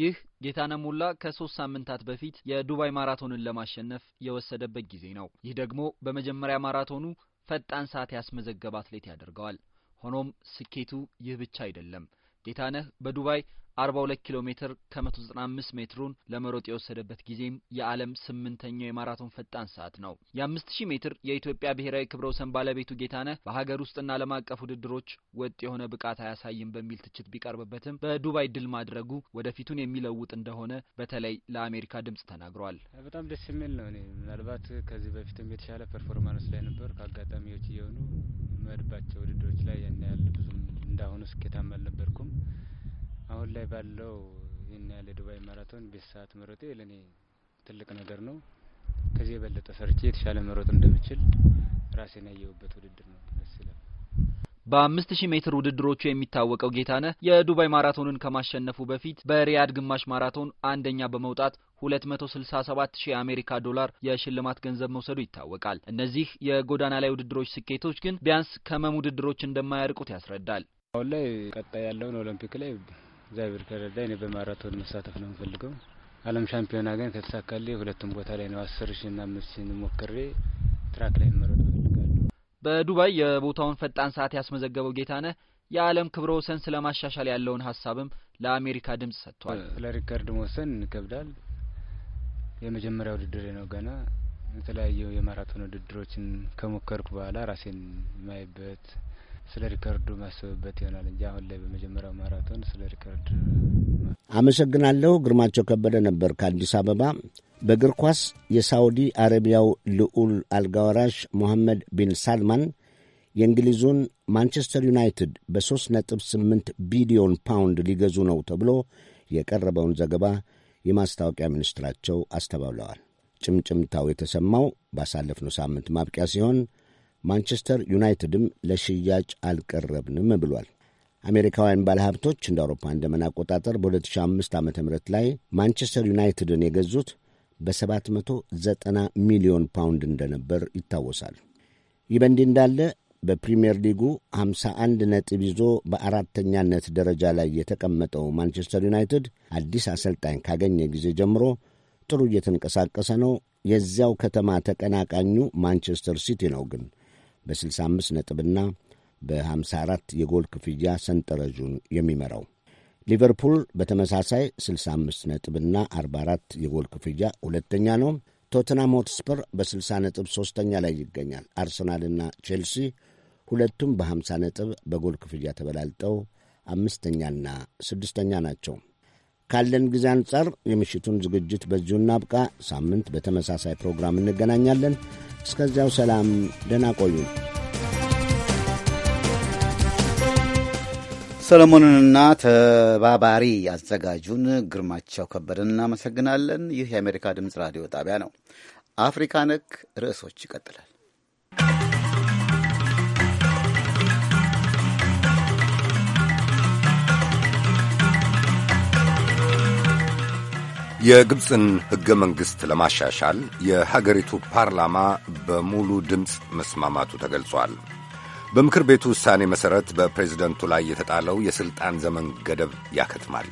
ይህ ጌታ ሞላ ከሶስት ሳምንታት በፊት የዱባይ ማራቶንን ለማሸነፍ የወሰደበት ጊዜ ነው። ይህ ደግሞ በመጀመሪያ ማራቶኑ ፈጣን ሰዓት ያስመዘገበ አትሌት ያደርገዋል። ሆኖም ስኬቱ ይህ ብቻ አይደለም። ጌታነህ በዱባይ 42 ኪሎ ሜትር ከ195 ሜትሩን ለመሮጥ የወሰደበት ጊዜም የዓለም ስምንተኛው የማራቶን ፈጣን ሰዓት ነው። የ5000 ሜትር የኢትዮጵያ ብሔራዊ ክብረ ወሰን ባለቤቱ ጌታነህ በሀገር ውስጥና ዓለም አቀፍ ውድድሮች ወጥ የሆነ ብቃት አያሳይም በሚል ትችት ቢቀርብበትም በዱባይ ድል ማድረጉ ወደፊቱን የሚለውጥ እንደሆነ በተለይ ለአሜሪካ ድምጽ ተናግሯል። በጣም ደስ የሚል ነው። እኔ ምናልባት ከዚህ በፊትም የተሻለ ፐርፎርማንስ ላይ ነበር ከአጋጣሚዎች እየሆኑ መድባቸው ውድድሮች ላይ ያን ያህል ብዙም እንዳሁኑ ስኬታማ አልነበርኩም። አሁን ላይ ባለው ይህን ያህል የዱባይ ማራቶን ቤት ሰዓት መሮጤ ለእኔ ትልቅ ነገር ነው። ከዚህ የበለጠ ሰርቼ የተሻለ መሮጥ እንደምችል ራሴን ያየሁበት ውድድር ነው። ደስ ይላል። በአምስት ሺህ ሜትር ውድድሮቹ የሚታወቀው ጌታነህ የዱባይ ማራቶንን ከማሸነፉ በፊት በሪያድ ግማሽ ማራቶን አንደኛ በመውጣት 267 ሺህ የአሜሪካ ዶላር የሽልማት ገንዘብ መውሰዱ ይታወቃል። እነዚህ የጎዳና ላይ ውድድሮች ስኬቶች ግን ቢያንስ ከመም ውድድሮች እንደማያርቁት ያስረዳል። አሁን ላይ ቀጣይ ያለውን ኦሎምፒክ ላይ እግዚአብሔር ከረዳ እኔ በማራቶን መሳተፍ ነው የምፈልገው። አለም ሻምፒዮና ግን ከተሳካልኝ ሁለቱም ቦታ ላይ ነው አስር ሺ እና አምስት ሺን ሞክሬ ትራክ ላይ መሮጥ ፈልጋለሁ። በዱባይ የቦታውን ፈጣን ሰዓት ያስመዘገበው ጌታነህ የዓለም ክብረ ወሰን ስለማሻሻል ያለውን ሀሳብም ለአሜሪካ ድምጽ ሰጥቷል። ለሪከርድ ሪከርድ መወሰን ይከብዳል። የመጀመሪያ ውድድር ነው ገና የተለያዩ የማራቶን ውድድሮችን ከሞከርኩ በኋላ ራሴን ማይበት ስለ ሪከርዱ ማሰብበት ይሆናል እንጂ አሁን ላይ በመጀመሪያው ማራቶን ስለ ሪከርድ አመሰግናለሁ። ግርማቸው ከበደ ነበር ከአዲስ አበባ። በእግር ኳስ የሳውዲ አረቢያው ልዑል አልጋወራሽ ሞሐመድ ቢን ሳልማን የእንግሊዙን ማንቸስተር ዩናይትድ በ3.8 ቢሊዮን ፓውንድ ሊገዙ ነው ተብሎ የቀረበውን ዘገባ የማስታወቂያ ሚኒስትራቸው አስተባብለዋል። ጭምጭምታው የተሰማው ባሳለፍነው ሳምንት ማብቂያ ሲሆን ማንቸስተር ዩናይትድም ለሽያጭ አልቀረብንም ብሏል። አሜሪካውያን ባለሀብቶች እንደ አውሮፓ እንደምን አቆጣጠር በ2005 ዓ ም ላይ ማንቸስተር ዩናይትድን የገዙት በ790 ሚሊዮን ፓውንድ እንደነበር ይታወሳል። ይህ በእንዲህ እንዳለ በፕሪምየር ሊጉ 51 ነጥብ ይዞ በአራተኛነት ደረጃ ላይ የተቀመጠው ማንቸስተር ዩናይትድ አዲስ አሰልጣኝ ካገኘ ጊዜ ጀምሮ ጥሩ እየተንቀሳቀሰ ነው። የዚያው ከተማ ተቀናቃኙ ማንቸስተር ሲቲ ነው ግን በ65 ነጥብና በ54 የጎል ክፍያ ሰንጠረዡን የሚመራው። ሊቨርፑል በተመሳሳይ 65 ነጥብና 44 የጎል ክፍያ ሁለተኛ ነው። ቶትናም ሆትስፐር በ60 ነጥብ ሦስተኛ ላይ ይገኛል። አርሰናልና ቼልሲ ሁለቱም በ50 ነጥብ በጎል ክፍያ ተበላልጠው አምስተኛና ስድስተኛ ናቸው። ካለን ጊዜ አንጻር የምሽቱን ዝግጅት በዚሁ እናብቃ። ሳምንት በተመሳሳይ ፕሮግራም እንገናኛለን። እስከዚያው ሰላም፣ ደህና ቆዩ። ሰለሞንንና ተባባሪ አዘጋጁን ግርማቸው ከበደን እናመሰግናለን። ይህ የአሜሪካ ድምፅ ራዲዮ ጣቢያ ነው። አፍሪካ ነክ ርዕሶች ይቀጥላል። የግብፅን ሕገ መንግሥት ለማሻሻል የሀገሪቱ ፓርላማ በሙሉ ድምፅ መስማማቱ ተገልጿል። በምክር ቤቱ ውሳኔ መሠረት በፕሬዝደንቱ ላይ የተጣለው የሥልጣን ዘመን ገደብ ያከትማል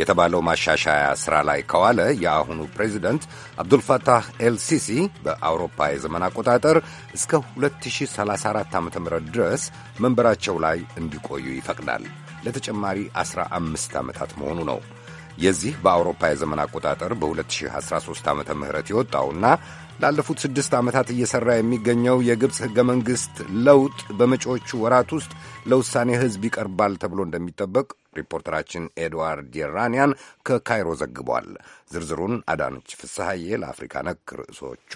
የተባለው ማሻሻያ ሥራ ላይ ከዋለ የአሁኑ ፕሬዚደንት አብዱልፋታህ ኤልሲሲ በአውሮፓ የዘመን አቆጣጠር እስከ 2034 ዓ ም ድረስ መንበራቸው ላይ እንዲቆዩ ይፈቅዳል። ለተጨማሪ 15 ዓመታት መሆኑ ነው። የዚህ በአውሮፓ የዘመን አቆጣጠር በ2013 ዓ ም የወጣውና ላለፉት ስድስት ዓመታት እየሠራ የሚገኘው የግብፅ ሕገ መንግሥት ለውጥ በመጪዎቹ ወራት ውስጥ ለውሳኔ ሕዝብ ይቀርባል ተብሎ እንደሚጠበቅ ሪፖርተራችን ኤድዋርድ የራንያን ከካይሮ ዘግቧል። ዝርዝሩን አዳነች ፍስሐዬ ለአፍሪካ ነክ ርዕሶቿ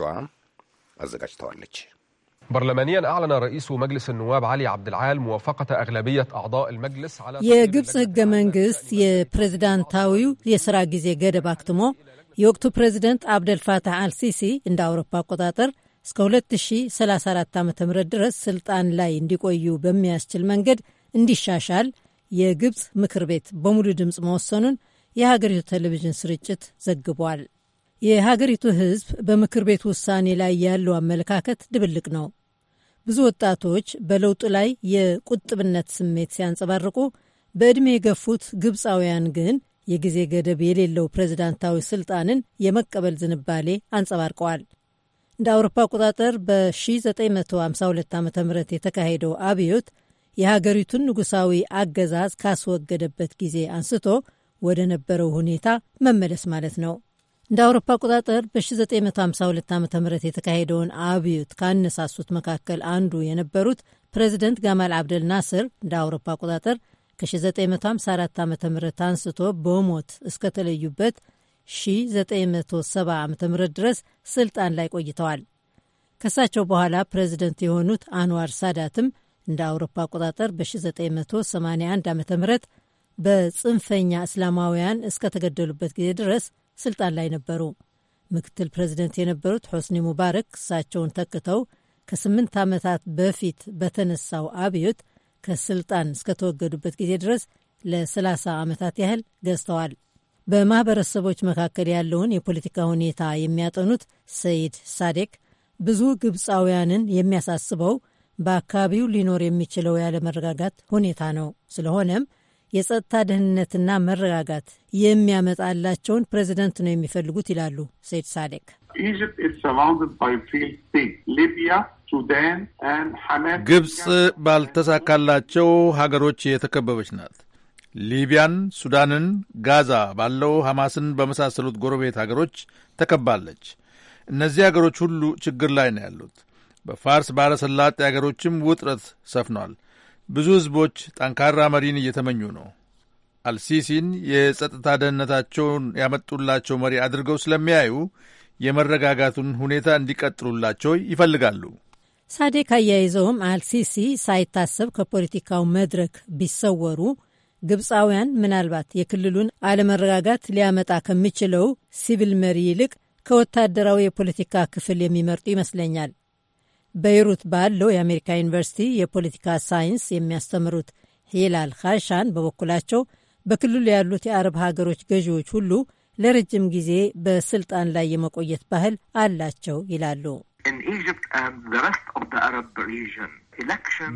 አዘጋጅተዋለች። برلمانيا اعلن رئيس مجلس النواب علي عبد العال موافقه اغلبيه اعضاء المجلس على يا جبس جمانجس يا بريزيدنت تاويو يا سراجيز يا جدب يوكتو بريزيدنت عبد الفتاح السيسي اند اوروبا قطاطر እስከ 2034 ዓ ም ድረስ ስልጣን ላይ እንዲቆዩ በሚያስችል መንገድ እንዲሻሻል የግብፅ ምክር ቤት በሙሉ ድምፅ መወሰኑን የሀገሪቱ ቴሌቪዥን ስርጭት ዘግቧል። የሀገሪቱ ሕዝብ በምክር ቤት ውሳኔ ላይ ያለው አመለካከት ድብልቅ ነው። ብዙ ወጣቶች በለውጡ ላይ የቁጥብነት ስሜት ሲያንጸባርቁ፣ በዕድሜ የገፉት ግብፃውያን ግን የጊዜ ገደብ የሌለው ፕሬዝዳንታዊ ስልጣንን የመቀበል ዝንባሌ አንጸባርቀዋል። እንደ አውሮፓ አቆጣጠር በ1952 ዓ ም የተካሄደው አብዮት የሀገሪቱን ንጉሳዊ አገዛዝ ካስወገደበት ጊዜ አንስቶ ወደ ነበረው ሁኔታ መመለስ ማለት ነው። እንደ አውሮፓ አቆጣጠር በ1952 ዓ ም የተካሄደውን አብዮት ካነሳሱት መካከል አንዱ የነበሩት ፕሬዚደንት ጋማል አብደል ናስር እንደ አውሮፓ አቆጣጠር ከ1954 ዓ ም አንስቶ በሞት እስከተለዩበት 1970 ዓ ም ድረስ ስልጣን ላይ ቆይተዋል። ከሳቸው በኋላ ፕሬዚደንት የሆኑት አንዋር ሳዳትም እንደ አውሮፓ አቆጣጠር በ1981 ዓ ም በጽንፈኛ እስላማውያን እስከተገደሉበት ጊዜ ድረስ ስልጣን ላይ ነበሩ። ምክትል ፕሬዚደንት የነበሩት ሆስኒ ሙባረክ እሳቸውን ተክተው ከስምንት ዓመታት በፊት በተነሳው አብዮት ከስልጣን እስከተወገዱበት ጊዜ ድረስ ለ30 ዓመታት ያህል ገዝተዋል። በማህበረሰቦች መካከል ያለውን የፖለቲካ ሁኔታ የሚያጠኑት ሰይድ ሳዴክ ብዙ ግብፃውያንን የሚያሳስበው በአካባቢው ሊኖር የሚችለው ያለመረጋጋት ሁኔታ ነው። ስለሆነም የጸጥታ ደህንነትና መረጋጋት የሚያመጣላቸውን ፕሬዚደንት ነው የሚፈልጉት ይላሉ ሰይድ ሳዴቅ። ግብፅ ባልተሳካላቸው ሀገሮች የተከበበች ናት። ሊቢያን፣ ሱዳንን፣ ጋዛ ባለው ሐማስን በመሳሰሉት ጎረቤት ሀገሮች ተከባለች። እነዚህ ሀገሮች ሁሉ ችግር ላይ ነው ያሉት። በፋርስ ባሕረ ሰላጤ ሀገሮችም ውጥረት ሰፍኗል። ብዙ ሕዝቦች ጠንካራ መሪን እየተመኙ ነው። አልሲሲን የጸጥታ ደህንነታቸውን ያመጡላቸው መሪ አድርገው ስለሚያዩ የመረጋጋቱን ሁኔታ እንዲቀጥሉላቸው ይፈልጋሉ። ሳዴክ አያይዘውም አልሲሲ ሳይታሰብ ከፖለቲካው መድረክ ቢሰወሩ ግብፃውያን ምናልባት የክልሉን አለመረጋጋት ሊያመጣ ከሚችለው ሲቪል መሪ ይልቅ ከወታደራዊ የፖለቲካ ክፍል የሚመርጡ ይመስለኛል። በይሩት ባለው የአሜሪካ ዩኒቨርሲቲ የፖለቲካ ሳይንስ የሚያስተምሩት ሂላል ካሻን በበኩላቸው በክልሉ ያሉት የአረብ ሀገሮች ገዢዎች ሁሉ ለረጅም ጊዜ በስልጣን ላይ የመቆየት ባህል አላቸው ይላሉ።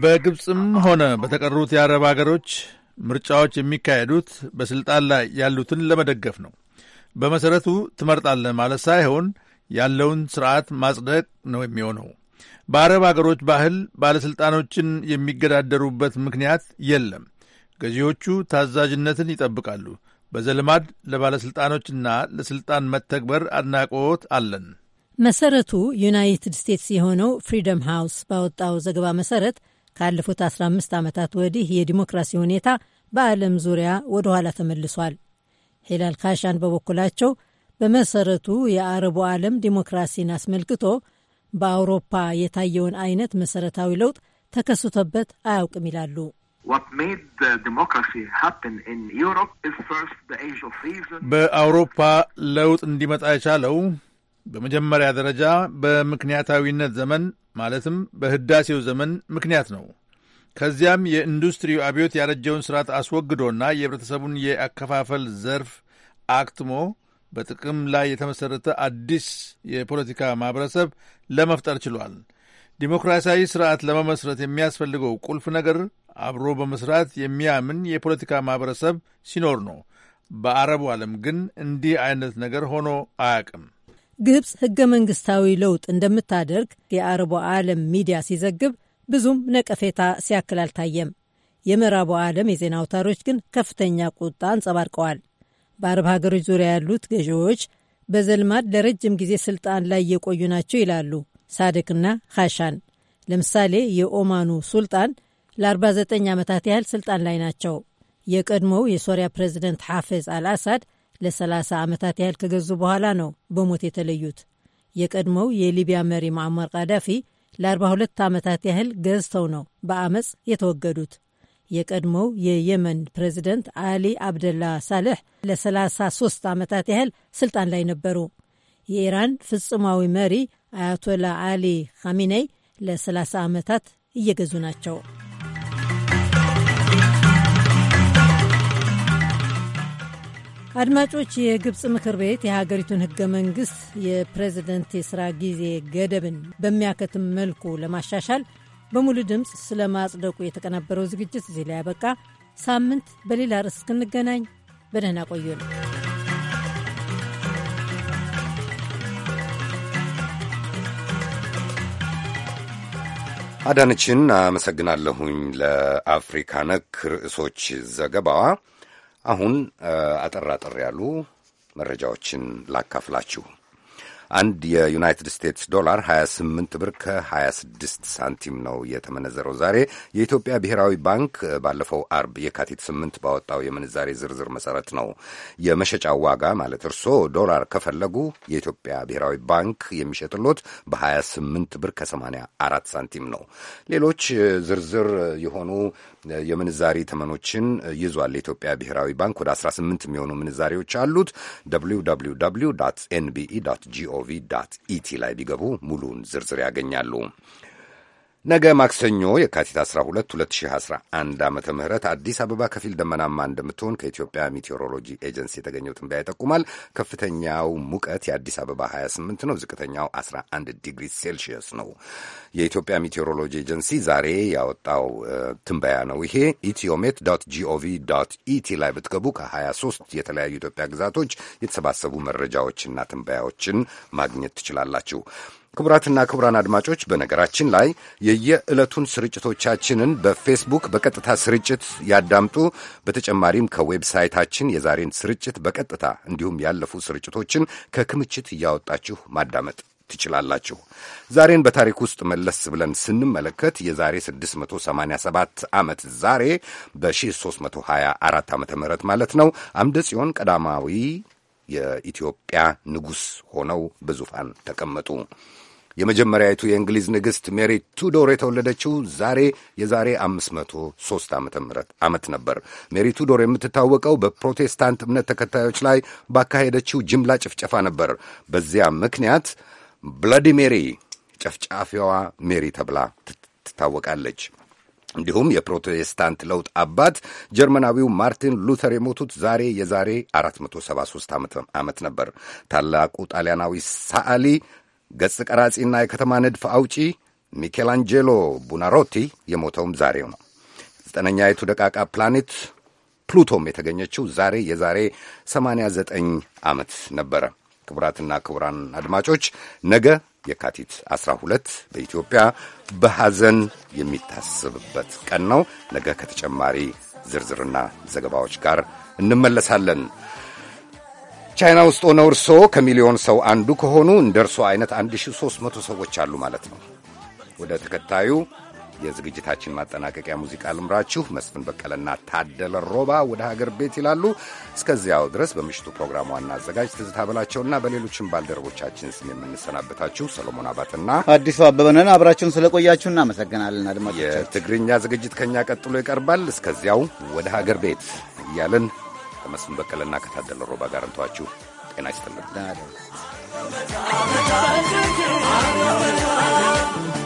በግብፅም ሆነ በተቀሩት የአረብ ሀገሮች ምርጫዎች የሚካሄዱት በስልጣን ላይ ያሉትን ለመደገፍ ነው። በመሰረቱ ትመርጣለህ ማለት ሳይሆን ያለውን ስርዓት ማጽደቅ ነው የሚሆነው። በአረብ አገሮች ባህል ባለሥልጣኖችን የሚገዳደሩበት ምክንያት የለም። ገዢዎቹ ታዛዥነትን ይጠብቃሉ። በዘልማድ ለባለሥልጣኖችና ለሥልጣን መተግበር አድናቆት አለን። መሰረቱ ዩናይትድ ስቴትስ የሆነው ፍሪደም ሃውስ ባወጣው ዘገባ መሰረት ካለፉት 15 ዓመታት ወዲህ የዲሞክራሲ ሁኔታ በዓለም ዙሪያ ወደ ኋላ ተመልሷል። ሄላል ካሻን በበኩላቸው በመሰረቱ የአረቡ ዓለም ዲሞክራሲን አስመልክቶ በአውሮፓ የታየውን አይነት መሰረታዊ ለውጥ ተከስቶበት አያውቅም ይላሉ። በአውሮፓ ለውጥ እንዲመጣ የቻለው በመጀመሪያ ደረጃ በምክንያታዊነት ዘመን ማለትም በህዳሴው ዘመን ምክንያት ነው። ከዚያም የኢንዱስትሪው አብዮት ያረጀውን ስርዓት አስወግዶና የህብረተሰቡን የአከፋፈል ዘርፍ አክትሞ በጥቅም ላይ የተመሠረተ አዲስ የፖለቲካ ማኅበረሰብ ለመፍጠር ችሏል። ዲሞክራሲያዊ ስርዓት ለመመስረት የሚያስፈልገው ቁልፍ ነገር አብሮ በመስራት የሚያምን የፖለቲካ ማኅበረሰብ ሲኖር ነው። በአረቡ ዓለም ግን እንዲህ አይነት ነገር ሆኖ አያውቅም። ግብፅ ሕገ መንግሥታዊ ለውጥ እንደምታደርግ የአረቡ ዓለም ሚዲያ ሲዘግብ ብዙም ነቀፌታ ሲያክል አልታየም። የምዕራቡ ዓለም የዜና አውታሮች ግን ከፍተኛ ቁጣ አንጸባርቀዋል። በአረብ ሀገሮች ዙሪያ ያሉት ገዢዎች በዘልማድ ለረጅም ጊዜ ስልጣን ላይ የቆዩ ናቸው ይላሉ ሳድቅና ካሻን። ለምሳሌ የኦማኑ ሱልጣን ለ49 ዓመታት ያህል ስልጣን ላይ ናቸው። የቀድሞው የሶሪያ ፕሬዚደንት ሓፈዝ አልአሳድ ለ30 ዓመታት ያህል ከገዙ በኋላ ነው በሞት የተለዩት። የቀድሞው የሊቢያ መሪ ማዕመር ቃዳፊ ለ42 ዓመታት ያህል ገዝተው ነው በአመፅ የተወገዱት። የቀድሞው የየመን ፕሬዚደንት አሊ አብደላ ሳልሕ ለ33 ዓመታት ያህል ስልጣን ላይ ነበሩ። የኢራን ፍጹማዊ መሪ አያቶላ አሊ ኻሚኔይ ለ30 ዓመታት እየገዙ ናቸው። አድማጮች፣ የግብፅ ምክር ቤት የሀገሪቱን ህገ መንግስት የፕሬዝደንት የስራ ጊዜ ገደብን በሚያከትም መልኩ ለማሻሻል በሙሉ ድምፅ ስለ ማጽደቁ የተቀናበረው ዝግጅት እዚህ ላይ ያበቃ። ሳምንት በሌላ ርዕስ እስክንገናኝ በደህና ቆዩ ነው። አዳነችን አመሰግናለሁኝ ለአፍሪካ ነክ ርዕሶች ዘገባዋ። አሁን አጠር አጠር ያሉ መረጃዎችን ላካፍላችሁ። አንድ የዩናይትድ ስቴትስ ዶላር 28 ብር ከ26 ሳንቲም ነው የተመነዘረው። ዛሬ የኢትዮጵያ ብሔራዊ ባንክ ባለፈው አርብ የካቲት 8 ባወጣው የምንዛሬ ዝርዝር መሰረት ነው የመሸጫው ዋጋ ማለት እርሶ ዶላር ከፈለጉ የኢትዮጵያ ብሔራዊ ባንክ የሚሸጥሎት በ28 ብር ከ84 ሳንቲም ነው። ሌሎች ዝርዝር የሆኑ የምንዛሪ ተመኖችን ይዟል። የኢትዮጵያ ብሔራዊ ባንክ ወደ 18 የሚሆኑ ምንዛሪዎች አሉት። www ኤንቢኢ ጂኦቪ ኢቲ ላይ ቢገቡ ሙሉን ዝርዝር ያገኛሉ። ነገ ማክሰኞ የካቲት 12 2011 ዓ ም አዲስ አበባ ከፊል ደመናማ እንደምትሆን ከኢትዮጵያ ሜቴዎሮሎጂ ኤጀንሲ የተገኘው ትንበያ ይጠቁማል። ከፍተኛው ሙቀት የአዲስ አበባ 28 ነው፣ ዝቅተኛው 11 ዲግሪ ሴልሺየስ ነው። የኢትዮጵያ ሜቴዎሮሎጂ ኤጀንሲ ዛሬ ያወጣው ትንበያ ነው ይሄ። ኢትዮሜት ዶት ጂኦቪ ዶት ኢቲ ላይ ብትገቡ ከ23 የተለያዩ ኢትዮጵያ ግዛቶች የተሰባሰቡ መረጃዎችና ትንበያዎችን ማግኘት ትችላላችሁ። ክቡራትና ክቡራን አድማጮች በነገራችን ላይ የየዕለቱን ስርጭቶቻችንን በፌስቡክ በቀጥታ ስርጭት ያዳምጡ። በተጨማሪም ከዌብሳይታችን የዛሬን ስርጭት በቀጥታ እንዲሁም ያለፉ ስርጭቶችን ከክምችት እያወጣችሁ ማዳመጥ ትችላላችሁ። ዛሬን በታሪክ ውስጥ መለስ ብለን ስንመለከት የዛሬ 687 ዓመት ዛሬ በ1324 ዓ ምህረት ማለት ነው አምደ ጽዮን ቀዳማዊ የኢትዮጵያ ንጉሥ ሆነው በዙፋን ተቀመጡ። የመጀመሪያዊቱ የእንግሊዝ ንግሥት ሜሪ ቱዶር የተወለደችው ዛሬ የዛሬ 503 ዓመት ነበር። ሜሪ ቱዶር የምትታወቀው በፕሮቴስታንት እምነት ተከታዮች ላይ ባካሄደችው ጅምላ ጭፍጨፋ ነበር። በዚያ ምክንያት ብላዲ ሜሪ ጨፍጫፊዋ ሜሪ ተብላ ትታወቃለች። እንዲሁም የፕሮቴስታንት ለውጥ አባት ጀርመናዊው ማርቲን ሉተር የሞቱት ዛሬ የዛሬ 473 ዓመት ነበር። ታላቁ ጣሊያናዊ ሰዓሊ ገጽ ቀራጺና የከተማ ንድፍ አውጪ ሚኬላንጄሎ ቡናሮቲ የሞተውም ዛሬው ነው። ዘጠነኛይቱ ደቃቃ ፕላኔት ፕሉቶም የተገኘችው ዛሬ የዛሬ 89 ዓመት ነበረ። ክቡራትና ክቡራን አድማጮች ነገ የካቲት 12 በኢትዮጵያ በሐዘን የሚታሰብበት ቀን ነው። ነገ ከተጨማሪ ዝርዝርና ዘገባዎች ጋር እንመለሳለን። ቻይና ውስጥ ሆነው እርሶ ከሚሊዮን ሰው አንዱ ከሆኑ እንደ እርሶ አይነት 1300 ሰዎች አሉ ማለት ነው። ወደ ተከታዩ የዝግጅታችን ማጠናቀቂያ ሙዚቃ ልምራችሁ። መስፍን በቀለና ታደለ ሮባ ወደ ሀገር ቤት ይላሉ። እስከዚያው ድረስ በምሽቱ ፕሮግራም ዋና አዘጋጅ ትዝታ በላቸውና በሌሎችም ባልደረቦቻችን ስም የምንሰናበታችሁ ሰሎሞን አባትና አዲሱ አበበነን አብራችሁን ስለቆያችሁ እናመሰግናለን። አድማጮች የትግርኛ ዝግጅት ከኛ ቀጥሎ ይቀርባል። እስከዚያው ወደ ሀገር ቤት እያለን ከመስፍን በቀለና ከታደለ ሮባ ጋር እንተዋችሁ። ጤና ይስጥልን።